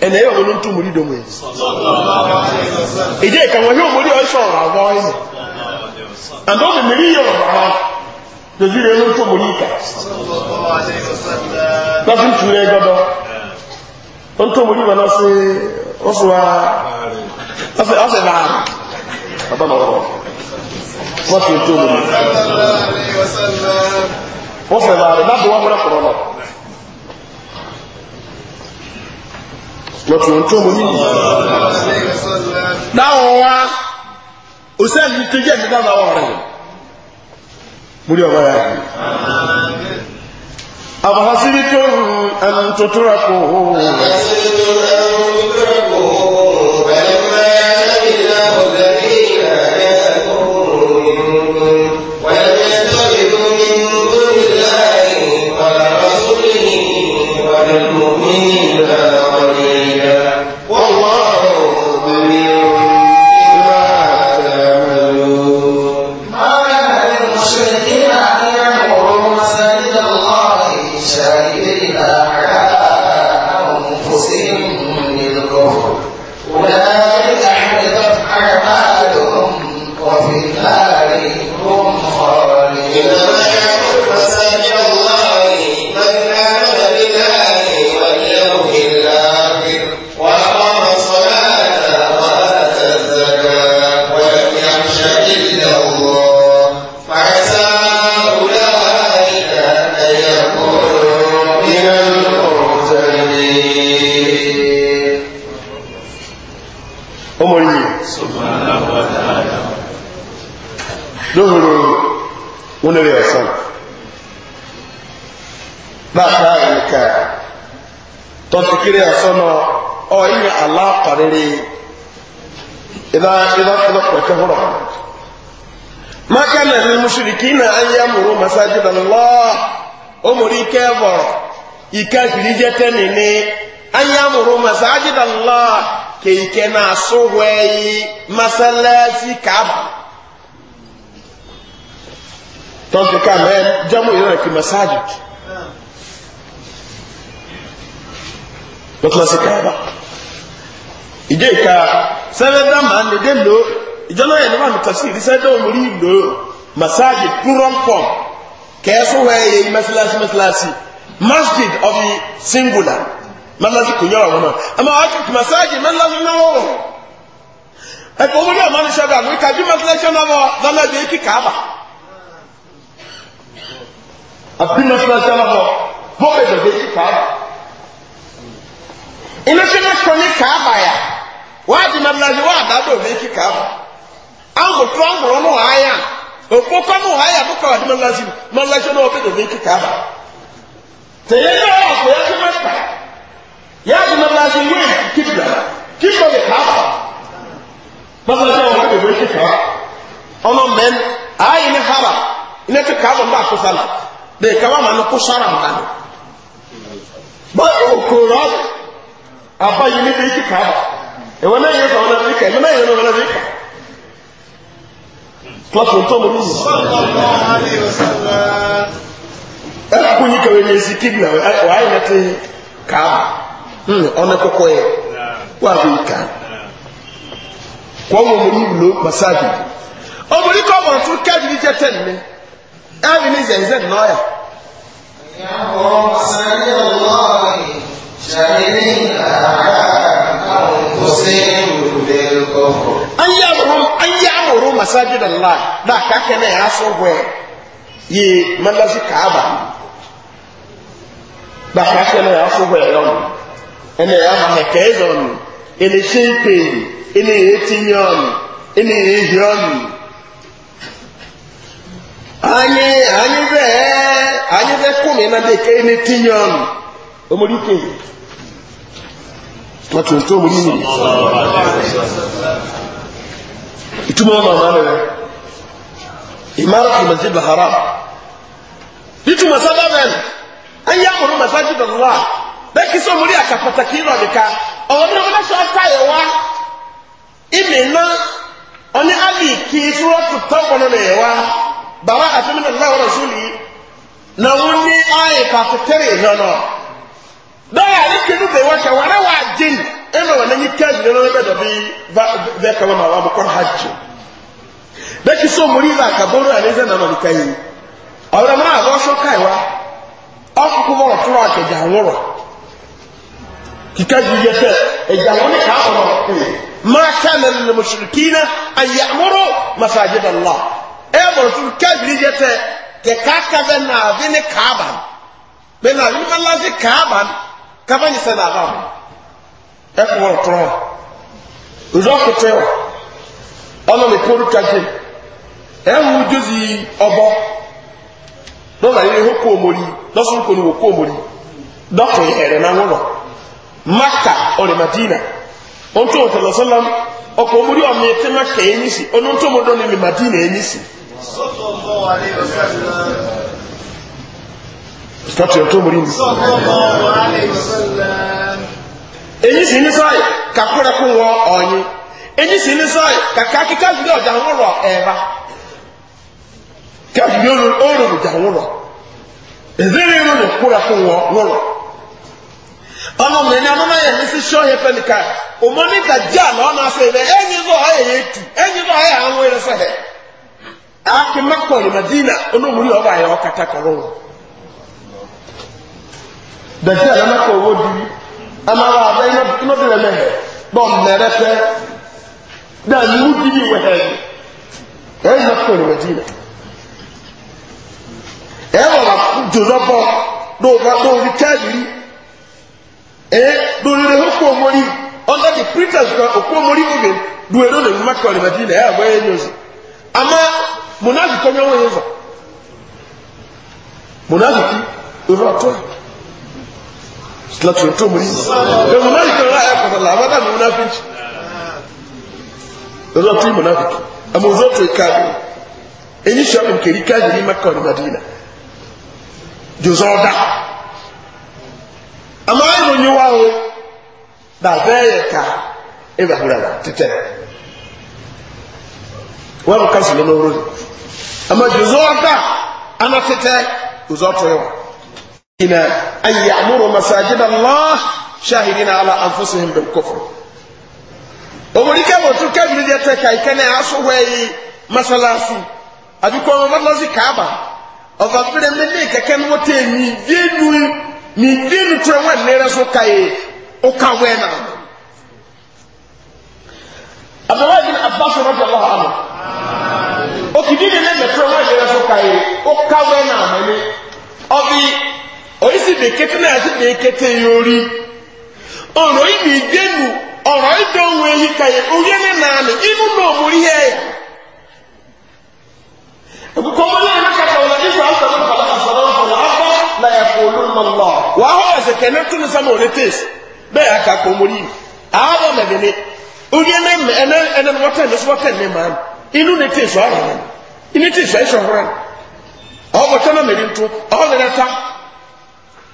ẹnẹ yẹ ọmọdé tó mori domo yẹ ìdí ẹka wọn yẹ ọmọdé ọsọ ọrọ àwọ ẹyẹ àti ọmọ mẹri yẹ ọrọ àwọ lójú rẹ ló tó mori kà lọsùn tù rẹ gbọdọ ó ń tó mori wọn ọsẹ ọsẹ wa ọsẹ ọsẹ náà bàbá bàbá wọn sì ń tó mori wọn fẹ bàbá bàbá wọn múra kọrọ náà. lọ́tún tó mú nínú. Dáwọn wá, òṣèlú tó jẹ́ ìdílé àwọn ọ̀rẹ́ rẹ̀. Mo rí ọ̀gá yàrá. Àbàfà síbi tó ń tutúra kò hó. ọ̀rẹ́rẹ́ ìdá ìdá ìdá pẹ̀tẹ́ húrọ̀ mákànnà ní mùsùlùkì náà á yá mùrù masájú dàlọ́ ó mùrù ike bọ̀ ike àfìrí jẹ́ tẹ́nì ní á yá mùrù masájú dàlọ́ kéèké náà sóhùn ẹ̀yí masálásí kàbà tọ́jú ká mẹ́ jẹ́mú ìrìnà kí masájú lọ́tún lọ́sí kàbà ìjẹ́ ìka sẹ́fẹ́dá máa ń lédè lò ìjọ náà yẹn ní wàá nìkan sí ìrísẹ́dá òmùrí lò masaji púrọ́mpọ̀m kẹ́ẹ́sọ́ wẹ̀ ẹ̀yẹ mẹ́sàlásì mẹ́sàlásì masjid of the singular mẹ́sàlásì kò yọ̀rọ̀ wọn náà àmọ́ wàá tún masaji mẹ́sàlásì náà wọ̀ ẹ̀kọ́ òmùrí ọ̀ma ní sọ́gà ní kájú mẹ́sàlásì náà wọ̀ lọ́nà ìgbé kí kàába àbí mẹ́sàlásì náà wọ̀ bọ́ọ̀lù ìgbé kí kàába ilé wáàdì mẹ́tẹ́lẹ́sì wà àdádò ní kíkà mọ́ àwòtú àwòrán náà àyà òpópá náà àyà tó kọ́ wáàdì mẹ́tẹ́lẹ́sì mẹ́tẹ́lẹ́sì náà ọ̀bẹ̀dọ̀ ní kíkà mọ́ tẹ̀yẹ náà ọ̀pọ̀ yẹ kí mẹ́ta yáàdì mẹ́tẹ́lẹ́sì wíì kíkà kíkọ̀ lè kà mọ́ mẹ́tẹ́lẹ́sì wà ọ̀bẹ̀dọ̀ ní kíkà ọ̀nà mẹ́n àyè ní hara ní ti kà mọ́ bá kúsàlà bẹ́ẹ̀ kà wà má ní kúsàrà mọ́ báyìí òkòrò àbáyé níbi kíkà mọ́ ẹ̀wọ̀n náà yẹn sọ̀rọ̀ náà fíkà ẹ̀mẹ́ náà yẹn sọ̀rọ̀ náà fíkà klọ́pù tó mọ̀ níyì. ẹ̀ka kún yìí kẹwẹ́ yẹn si kíbi náà wà á yẹn náà ti kà á ọ̀nà kọ̀kọ́ yẹ wà á fi kà á. wọ́n mọ̀ mọ̀ yìí ló masáàjì. ọmọ yìí kọ́ mọ̀ tún kẹ́ẹ̀dì ní jẹ́ tẹ̀ ní ẹ̀rín ní zẹ̀nzẹ̀ náà Yàgò sẹ́yìn lọ́ọ̀rì ṣàlẹ́ ní an ya'muru an ya'muru masajid allah da ka kana ya so gwe ye mallazi kaaba da ka kana ya so gwe yon ene ya ma he kezon ene shimpe ene etinyon ene ehyon anyị anyị be anyị be kumi na deke ene tinyon omorike láti ohun tó mú nínú ìtumọ̀ ọmọ ọmọ rẹ̀ ìmára kìí masjid haram ìtumọ̀ sábà bẹ́ẹ̀ ẹ̀yẹ àkọ́nù masajid ọ̀la bẹ́ẹ̀ kí sọ mórí àkà pàtàkì ìlọ nìka ọ̀wọ́n ní ọmọdé sọ ọ́ta yẹ wá ìmì iná ọ̀ní alì kì í sọ́wọ́ tó tọ́ ọ̀nà nà yẹ wá bàbá àti mímọ̀ nígbà wọ́n rẹ̀ sùn yìí náà wọ́n ní ààyè pàtàkì ìlọ náà dɔw ale kenu bɛ wɔsɛ wɔrɛ waa jin e ma wɔn anyi kɛn ne nɔnɔ bɛ dɔ bi va bɛ kama ma wa mo kɔn ha jin bɛ ti so mori la ka bolo ale zɛ nana nika ye ɔwɛrɛ mana a wɔsɔ ka yi wa ɔkuku bɔrɔ tura akɛgya wɔrɔ kika yi yɛ fɛ ɛgya wɔn ne ma e kɛ na ne kabanyi sɛ n'aba mu ɛkò ɔtɔrɔ rɔkutɛ ɔnɔmi kóru kakye ɛnwu dzozi ɔbɔ lɔla yi ho kóomori lɔsùn kóni wò kóomori dɔkò ɛrɛ n'anwulɔ maka ɔlɛmadina ɔntò ɔtɔlɔsɔlɔm ɔkòomori ɔmi tẹmɛ kɛ ɛnyisi ɔnontòmodɔ ni mi madina tọ́tù ẹ̀tọ́ mọ̀rí ní. èyí sì ní sọ́ọ̀yì kakúrẹ́ kún wọ ọ̀yin èyí sì ní sọ́ọ̀yì kàkà kíkà jùlọ ọ̀dà ń rọ̀ ẹ̀rá kíkà jùlọ ọ̀rọ̀ ọ̀dà ń rọ̀ èzèrè ìrọ̀ ní kúrẹ́ kún wọ rọ̀ ọmọ mi ni ọmọ yẹn ní sí sọ́ọ̀yì fẹ́nìkà ọmọ ní gàdíà lọ́nà àṣẹ rẹ̀ ẹ̀yìn lọ́ọ̀ ẹ̀yẹ ètù ẹ̀yìn lọ́ọ̀ ẹ̀yẹ àwọn ẹ̀rẹ́sẹ̀ rẹ̀ akimẹ́kọ̀ọ́ ìmọ̀dínà olóòmùrí ọba yẹn ọ̀kàtà kọ̀ọ̀rọ̀ dẹ̀sí ẹ̀lẹ́mẹ́ kọ owó di ẹmọ ara abẹ́ iná bí rẹ̀ mẹ́hẹ̀ bọ́ mẹ́rẹ́ fẹ́ dẹ̀ mú di ní ìwẹ̀ hẹ̀ẹ́ ẹ̀yìn náà kọ̀ ìwẹ̀ dì rẹ̀ ẹ̀ wọ̀ wà jòzọ bọ̀ lóòrùn lórí kẹ́ẹ̀lì rí ẹ̀ lórí rẹ̀ ó kú omori láti ọ̀tọ́ mọ̀ yìí ẹ̀mọ̀ náà ìkọ̀ láyé kọ̀dọ̀ làwọn náà ní mọ̀náfíkì lọ́dọ̀ tó yìí mọ̀náfíkì àmọ̀ òzò tó ìka àgbẹ̀ ẹ̀yìn sọ́ọ̀bù nkèrí káàdì ní maka ọ̀nà madina jòzọ́ ọ̀dà àmọ́ ẹ̀yìn ònyìn wá o bàbá ẹ̀yẹ ká ẹ̀bà húrara títẹ̀ wọ́n kà sí lọ́nà òróró àmọ́ jòzọ́ ọ̀dà àná títẹ̀ òzò tó yẹ أن يعمروا مساجد الله شاهدين على أنفسهم بالكفر أمريكا وتركيا بلدية كان يعصوا masalasi adukɔ wọn masalasi kaaba ɔfà péré mẹlẹ kẹkẹ ní wọn tẹ ní déénu ní déénu tura wọn nira so ka yẹ ó ka wẹ náà. abdulwa oyisi dekete na yasi dekete ọrụ ọrọ ibi igbenu ọrọ ido onwe ehi ka ya onye ne naanị ịnụ na ihe ya akwụkwọ mmanya ya maka ka ọlọdị kwa afọ na mkpala asọrọ mkpala afọ na ya kwa olu mma mma wa ahụ tụrụ ole ka ahụ onye ne mme ene ene nwata na tes ịnụ tes ọhụrụ ọhụrụ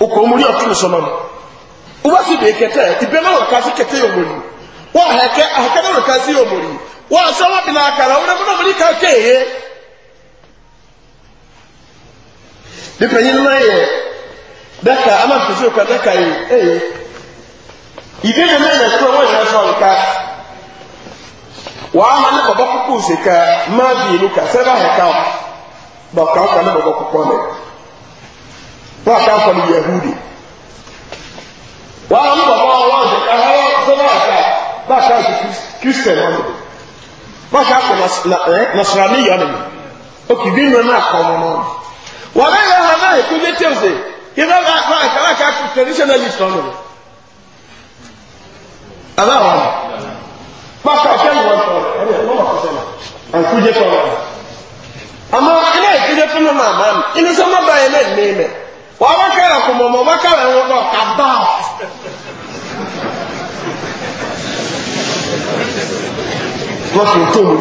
okò omori ọtún sọmọ mu wọ́n sì bèè kẹtẹ ìbẹ́ náà wọ̀ kásí kẹtẹ yóò mori wọ́n àhẹ́kẹ́ àhẹ́kẹ́ náà wọ̀ kásí yóò mori wọ́n àṣọ wọn bìnnà àkàrà wọn náà wọ́n ní ká kéèyé. nípa yín náà yẹ dẹ́ka ama fèsì òkà dẹ́ka yìí ẹ̀yẹ ìdí yẹn náà yẹ kúrò wọ́n yẹn sọ nǹka wàá hàn ní bàbá kúkú sèkà má bìí nìkà sẹ́fà hẹ̀ká bàbá bàbá kúkú wọ́n ká kọ́ ní yahudi wọ́n á ń bọ̀ wọ́n wọ́n ṣe ká wọ́n sọ́nà àká bá a ká ṣe kristian wọn ni wọ́n ká kọ́ nasarani yọ ni o kì í bí nínú náà kọ́ wọn náà wọ́n bẹ́ẹ̀ yọ hàn náà èkó ní tẹ̀sẹ̀ yìí náà bá a ká wọ́n ká traditionalist wọn ni àbá wọn bá a ká ọ̀kẹ́ ni wọ́n sọ ẹ̀rọ ẹ̀ lọ́wọ́ kọ́sẹ̀ náà àǹkú jẹ́ sọ̀rọ̀ àmọ́ ilé ìdílé fún mi màmá mi ilé sọ́mọ́ báyìí náà ní mẹ́ẹ̀ wọ́n bá kẹ́rẹ̀ kò mọ̀ mọ̀ bá kẹ́rẹ̀ wọn lọ kà bá ọ. wọ́n fi tó mu.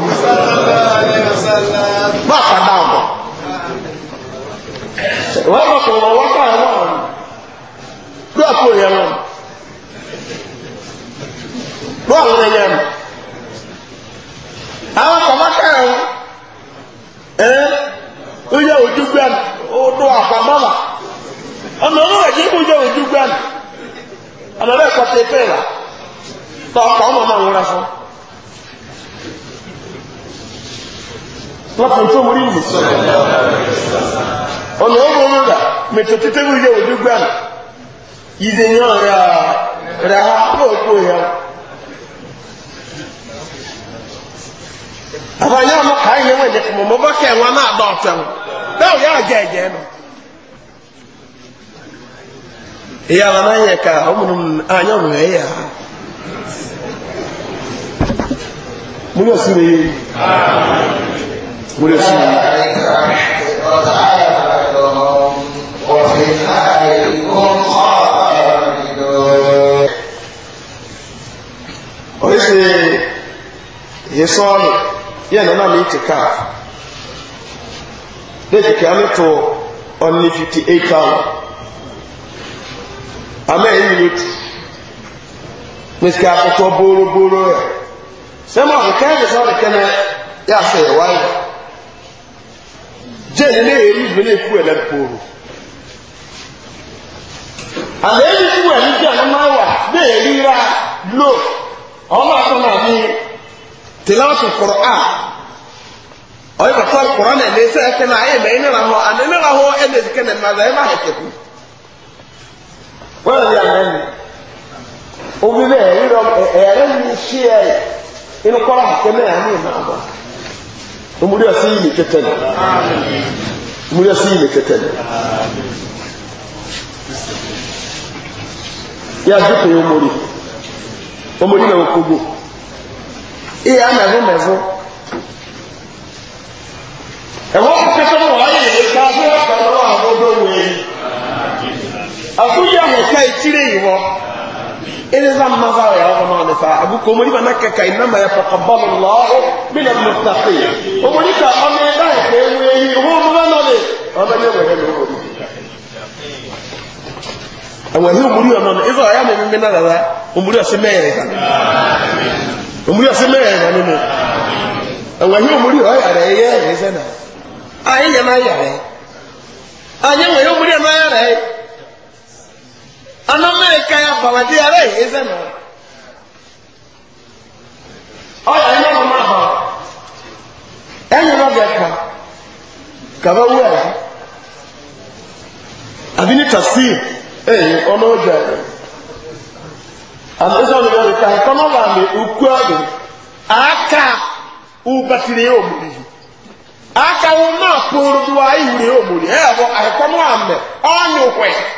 bá a padà ọ̀bọ̀. wọ́n bá kọ̀ mọ̀ wọ́n kẹ́rẹ̀ wọn lọ. bí a kò yẹ wọn. bí a wọlé yẹ wọn. àwọn kọ̀ bá kẹ́rẹ̀ wọn. ẹ ń yẹ ojú gbẹ́ni ó dún àpamọ́ra. ọmọ ọmọ rẹ̀ yíkú yóò ojú gbẹ́nu ọmọ rẹ̀ kọ́ tẹ fẹ́ rà tọ́ ọkọ̀ ọmọ ọmọ òun rẹ̀ fún tó mú rí mú ọmọ ọmọ òun rẹ̀ mẹtọ títẹ́ mú yóò ojú gbẹ́nu ìdè yàn ya àbáyé ọmọ kàá yẹn wọ̀ ẹ̀jẹ̀ kọ̀mọ̀ mọ́ wọn náà eya bana yɛ ka ɔmunu anya ɔmunu ɛyɛ ha mo yɛ sunu yi mo yɛ sunu yi. oyise yesɔɔni yɛ nana mi ti kaa de ti kaa mi to ɔni fifty eight hours. ama eyi yi ti mesika akokɔ booro yɛ sɛm ɔmo kɛn sɛ ɔde kɛnɛ yɛ asɛ yɛ wayɛ gyeen ne yɛ yi ne ɛlɛ ama eyi ti wɔ ɛni ma wa ne yɛ yi lo ɔmo akɔ na mi a ɔyɛ na ɛna esɛ ɛkɛnɛ ayɛ mɛ ɛna la hɔ ɛna la hɔ na wọ́n yà mẹ́rin omi bẹ́ẹ̀ rírọ ẹ̀rẹ́ mi ṣí ẹ inú kọ́lá àkẹ́mẹ́ àmì ìmọ̀ omúrí ọ̀sí ilé kẹtẹ́ ni omúrí ọ̀sí ilé kẹtẹ́ ni yà dúpọ̀ yóò mórí omúrí náà kógbó ìyá mẹ́fún mẹ́fún ẹ̀wọ́n kẹsàn wọ̀ ayé akuya heka ikyire yi hɔ ɛnza mmaza yɛ hɔ no ne saa abu ko omori ba na kaka inama yɛ taqabbalu Allahu min al-muttaqin omori ka ɔne ba yɛ ka ewu eyi ɔmo ɔmo ba nɔ ne ɔmo ne wɔ yɛ no ɔmo àwọn ẹ̀hìn òmùrí ọ̀nà ọ̀nà ìzọ̀ ọ̀yá mẹ́rin mẹ́rin rárá òmùrí ọ̀sẹ̀ mẹ́rin rárá òmùrí ọ̀sẹ̀ mẹ́rin rárá nínú àwọn ẹ̀hìn òmùrí ọ̀yà rẹ̀ yẹ́ ẹ̀rẹ́ sẹ́nà ayé yẹn náà yà rẹ̀ ayé wọ̀nyẹ́ anamẹ́ríkà mme bàwàdì ya bawa ẹsẹ̀ nà ọ̀yà ẹ̀yẹ́ ló máa bà ẹ̀yẹ́ ló bẹ̀ ká kàbá wú ẹ̀ àbí ní tàṣí ẹ̀ ọmọ ọjà ẹ̀ àti ẹ̀sẹ̀ ọ̀nà ìwọ̀n ìka ẹ̀kọ́ náà wà ní ukú ọ̀dọ̀ aka ubatiri yóò mú aka àáká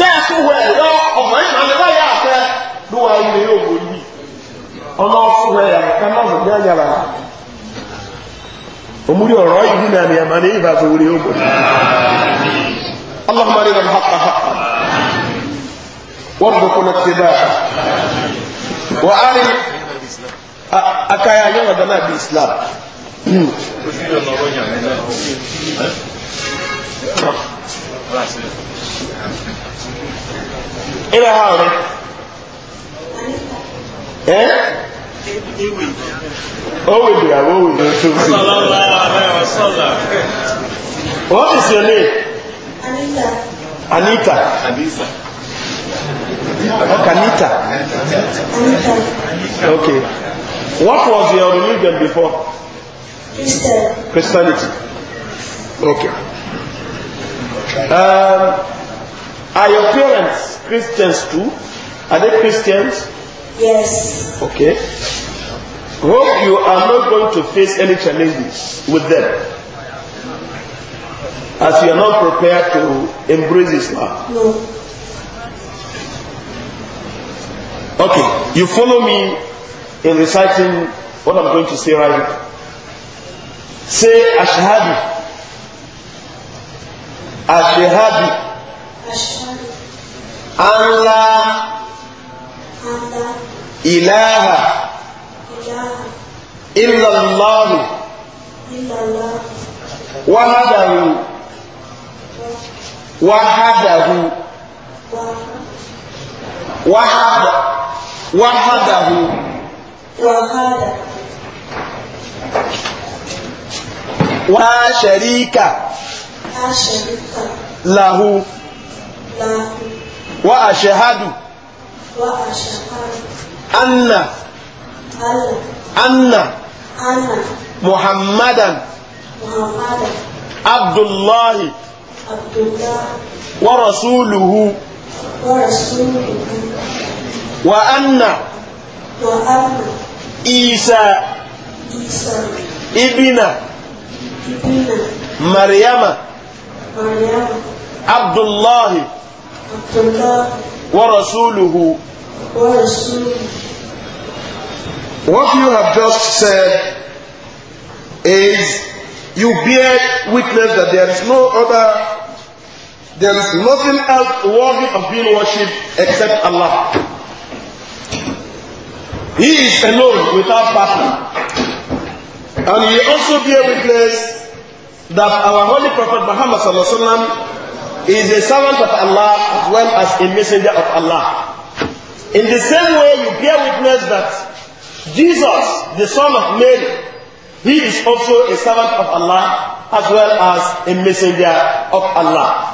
tẹ́ẹ̀tù wẹ̀ ẹ̀rọ ọmọ ìrìnàlẹ́ báyà fẹ́ ló wà ilé òwò yìí ọlọ́ọ̀fún wẹ̀ yàrá ká náà lọ́gbẹ́ yàrá omúrí ọ̀rọ̀ yìí náà ni àmà ní ìbá fún orí òwò yìí ọlọ́mọdé náà hàpà hàpà wọ́n bọ̀ kọ́nà ti bá wọ́n á rí akáyà yóò wà dáná bí islam. Thank you ilẹ̀ ha rẹ̀ ẹ́ owó ìgbéyàwó owó ìgbéyàwó tó fi what is your name anita anita okay anita okay what was your religion before Christian. christianity okay um, are your parents Christians too? Are they Christians? Yes. Okay. Hope you are not going to face any challenges with them as you are not prepared to embrace Islam. No. Okay, you follow me in reciting what I'm going to say right now. Say Ashhadu. Ashhadu. Ashhadu. أن لا إله إلا الله وحده وحده وحده وحده وحده لا شريك له له وأشهد أن أن أن محمدا عبد الله ورسوله وأن عيسى ابن مريم عبد الله ورسوله What you have just said is you bear witness that there is no other, there is nothing else worthy of being worshipped except Allah. He is alone without partner. And he also bear witness that our Holy Prophet Muhammad sallallahu alaihi wasallam He is a servant of Allah as well as a messenger of Allah. In the same way, you bear witness that Jesus, the son of Mary, he is also a servant of Allah as well as a messenger of Allah.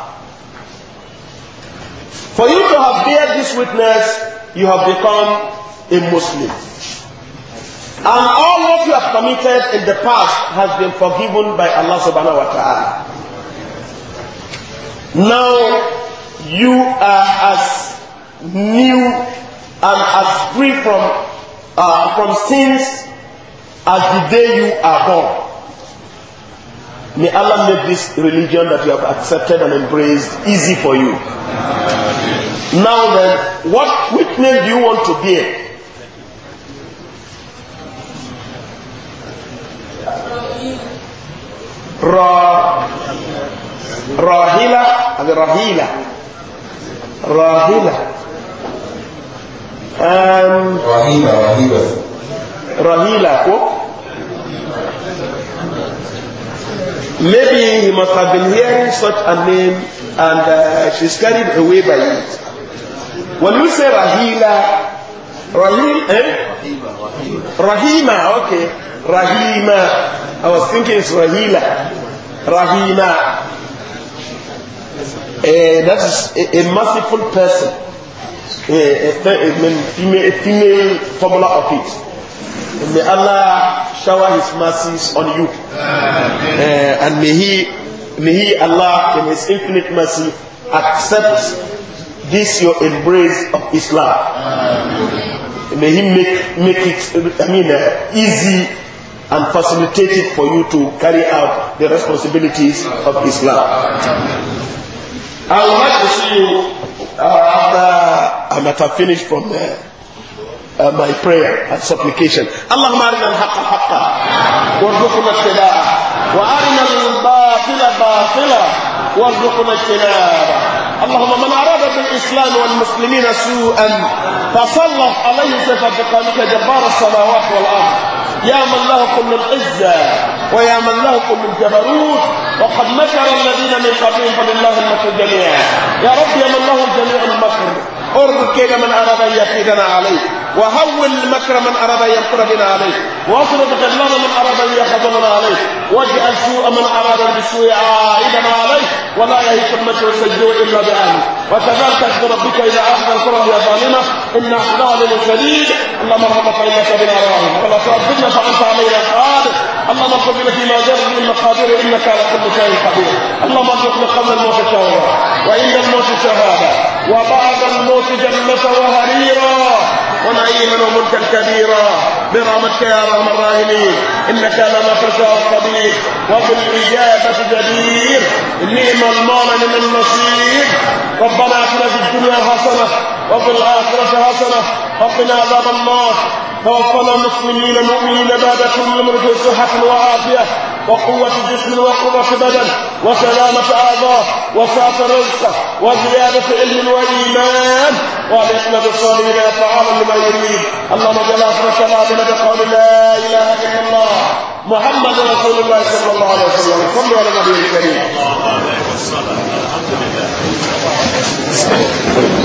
For you to have bear this witness, you have become a Muslim. And all what you have committed in the past has been forgiven by Allah subhanahu wa ta'ala. Now you are as new and as free from, uh, from sins as the day you are born. May Allah make this religion that you have accepted and embraced easy for you. Now then, what witness do you want to bear? Ra راهلة هذه رهيلة راهلة أم رهيلة رهيلة رهيلة Maybe he must have been hearing such a name and uh, she's carried away by it. When you say Rahila, Rahim eh? Rahima, okay. Rahima. I was thinking it's Rahila. Rahima. Eh, that is a, a merciful person, eh, a, a, female, a female formula of it. And may Allah shower His mercies on you. Uh, and may He, may He, Allah, in His infinite mercy, accept this your embrace of Islam. May He make, make it, I mean, uh, easy and facilitate it for you to carry out the responsibilities of Islam. I will like to see you after I might have finished from there. Uh, my prayer and supplication. اللهم أرنا الحق حقا وارزقنا اتباعه وأرنا الباطل باطلا وارزقنا اجتنابه اللهم من أراد بالإسلام والمسلمين سوءا فسلط عليه سيف بقامك جبار السماوات والأرض يا من له كل العزة ويا من له كل الجبروت وقد مكر الذين من قبلهم فلله المكر جميعا يا رب يا من له جميع المكر ارد كيد من أراد أن يكيدنا عليه وهول المكر من أراد أن يمكر بنا عليه واصرف غلنا من أراد أن يخذلنا عليه واجعل سوء من أراد بالسوء عائدا عليه ولا يهيك المكر السجوع إلا بأهله وكذلك أخذ ربك إذا أخذ القرى يا ظالمة إن أخذها للشديد اللهم ارحمك إنك بنا راهب ولا تردنا فأنت علينا قادر اللهم ارزق ما جرى من مقادير انك على كل شيء قدير اللهم ارزقنا قبل الموت شهوه وعند الموت شهاده وبعد الموت جنه وهريرا ونعيما وملكا كبيرا برحمتك يا ارحم الراحمين انك على ما تشاء قدير وبالاجابه جدير نعم المولى من النصير ربنا اتنا في الدنيا حسنه وفي الاخره حسنه وقنا عذاب النار توفنا مسلمين مؤمنين بعد كل مرض صحة وعافية وقوة جسم وقوة بدن وسلامة أعضاء وسعة رزق وزيادة علم وإيمان ونحن بالصالحين فعالا لما يريد اللهم جل أسرك العظيم بقول لا إله إلا الله محمد رسول الله صلى الله عليه وسلم صلى على النبي الكريم الله عليه وسلم الحمد لله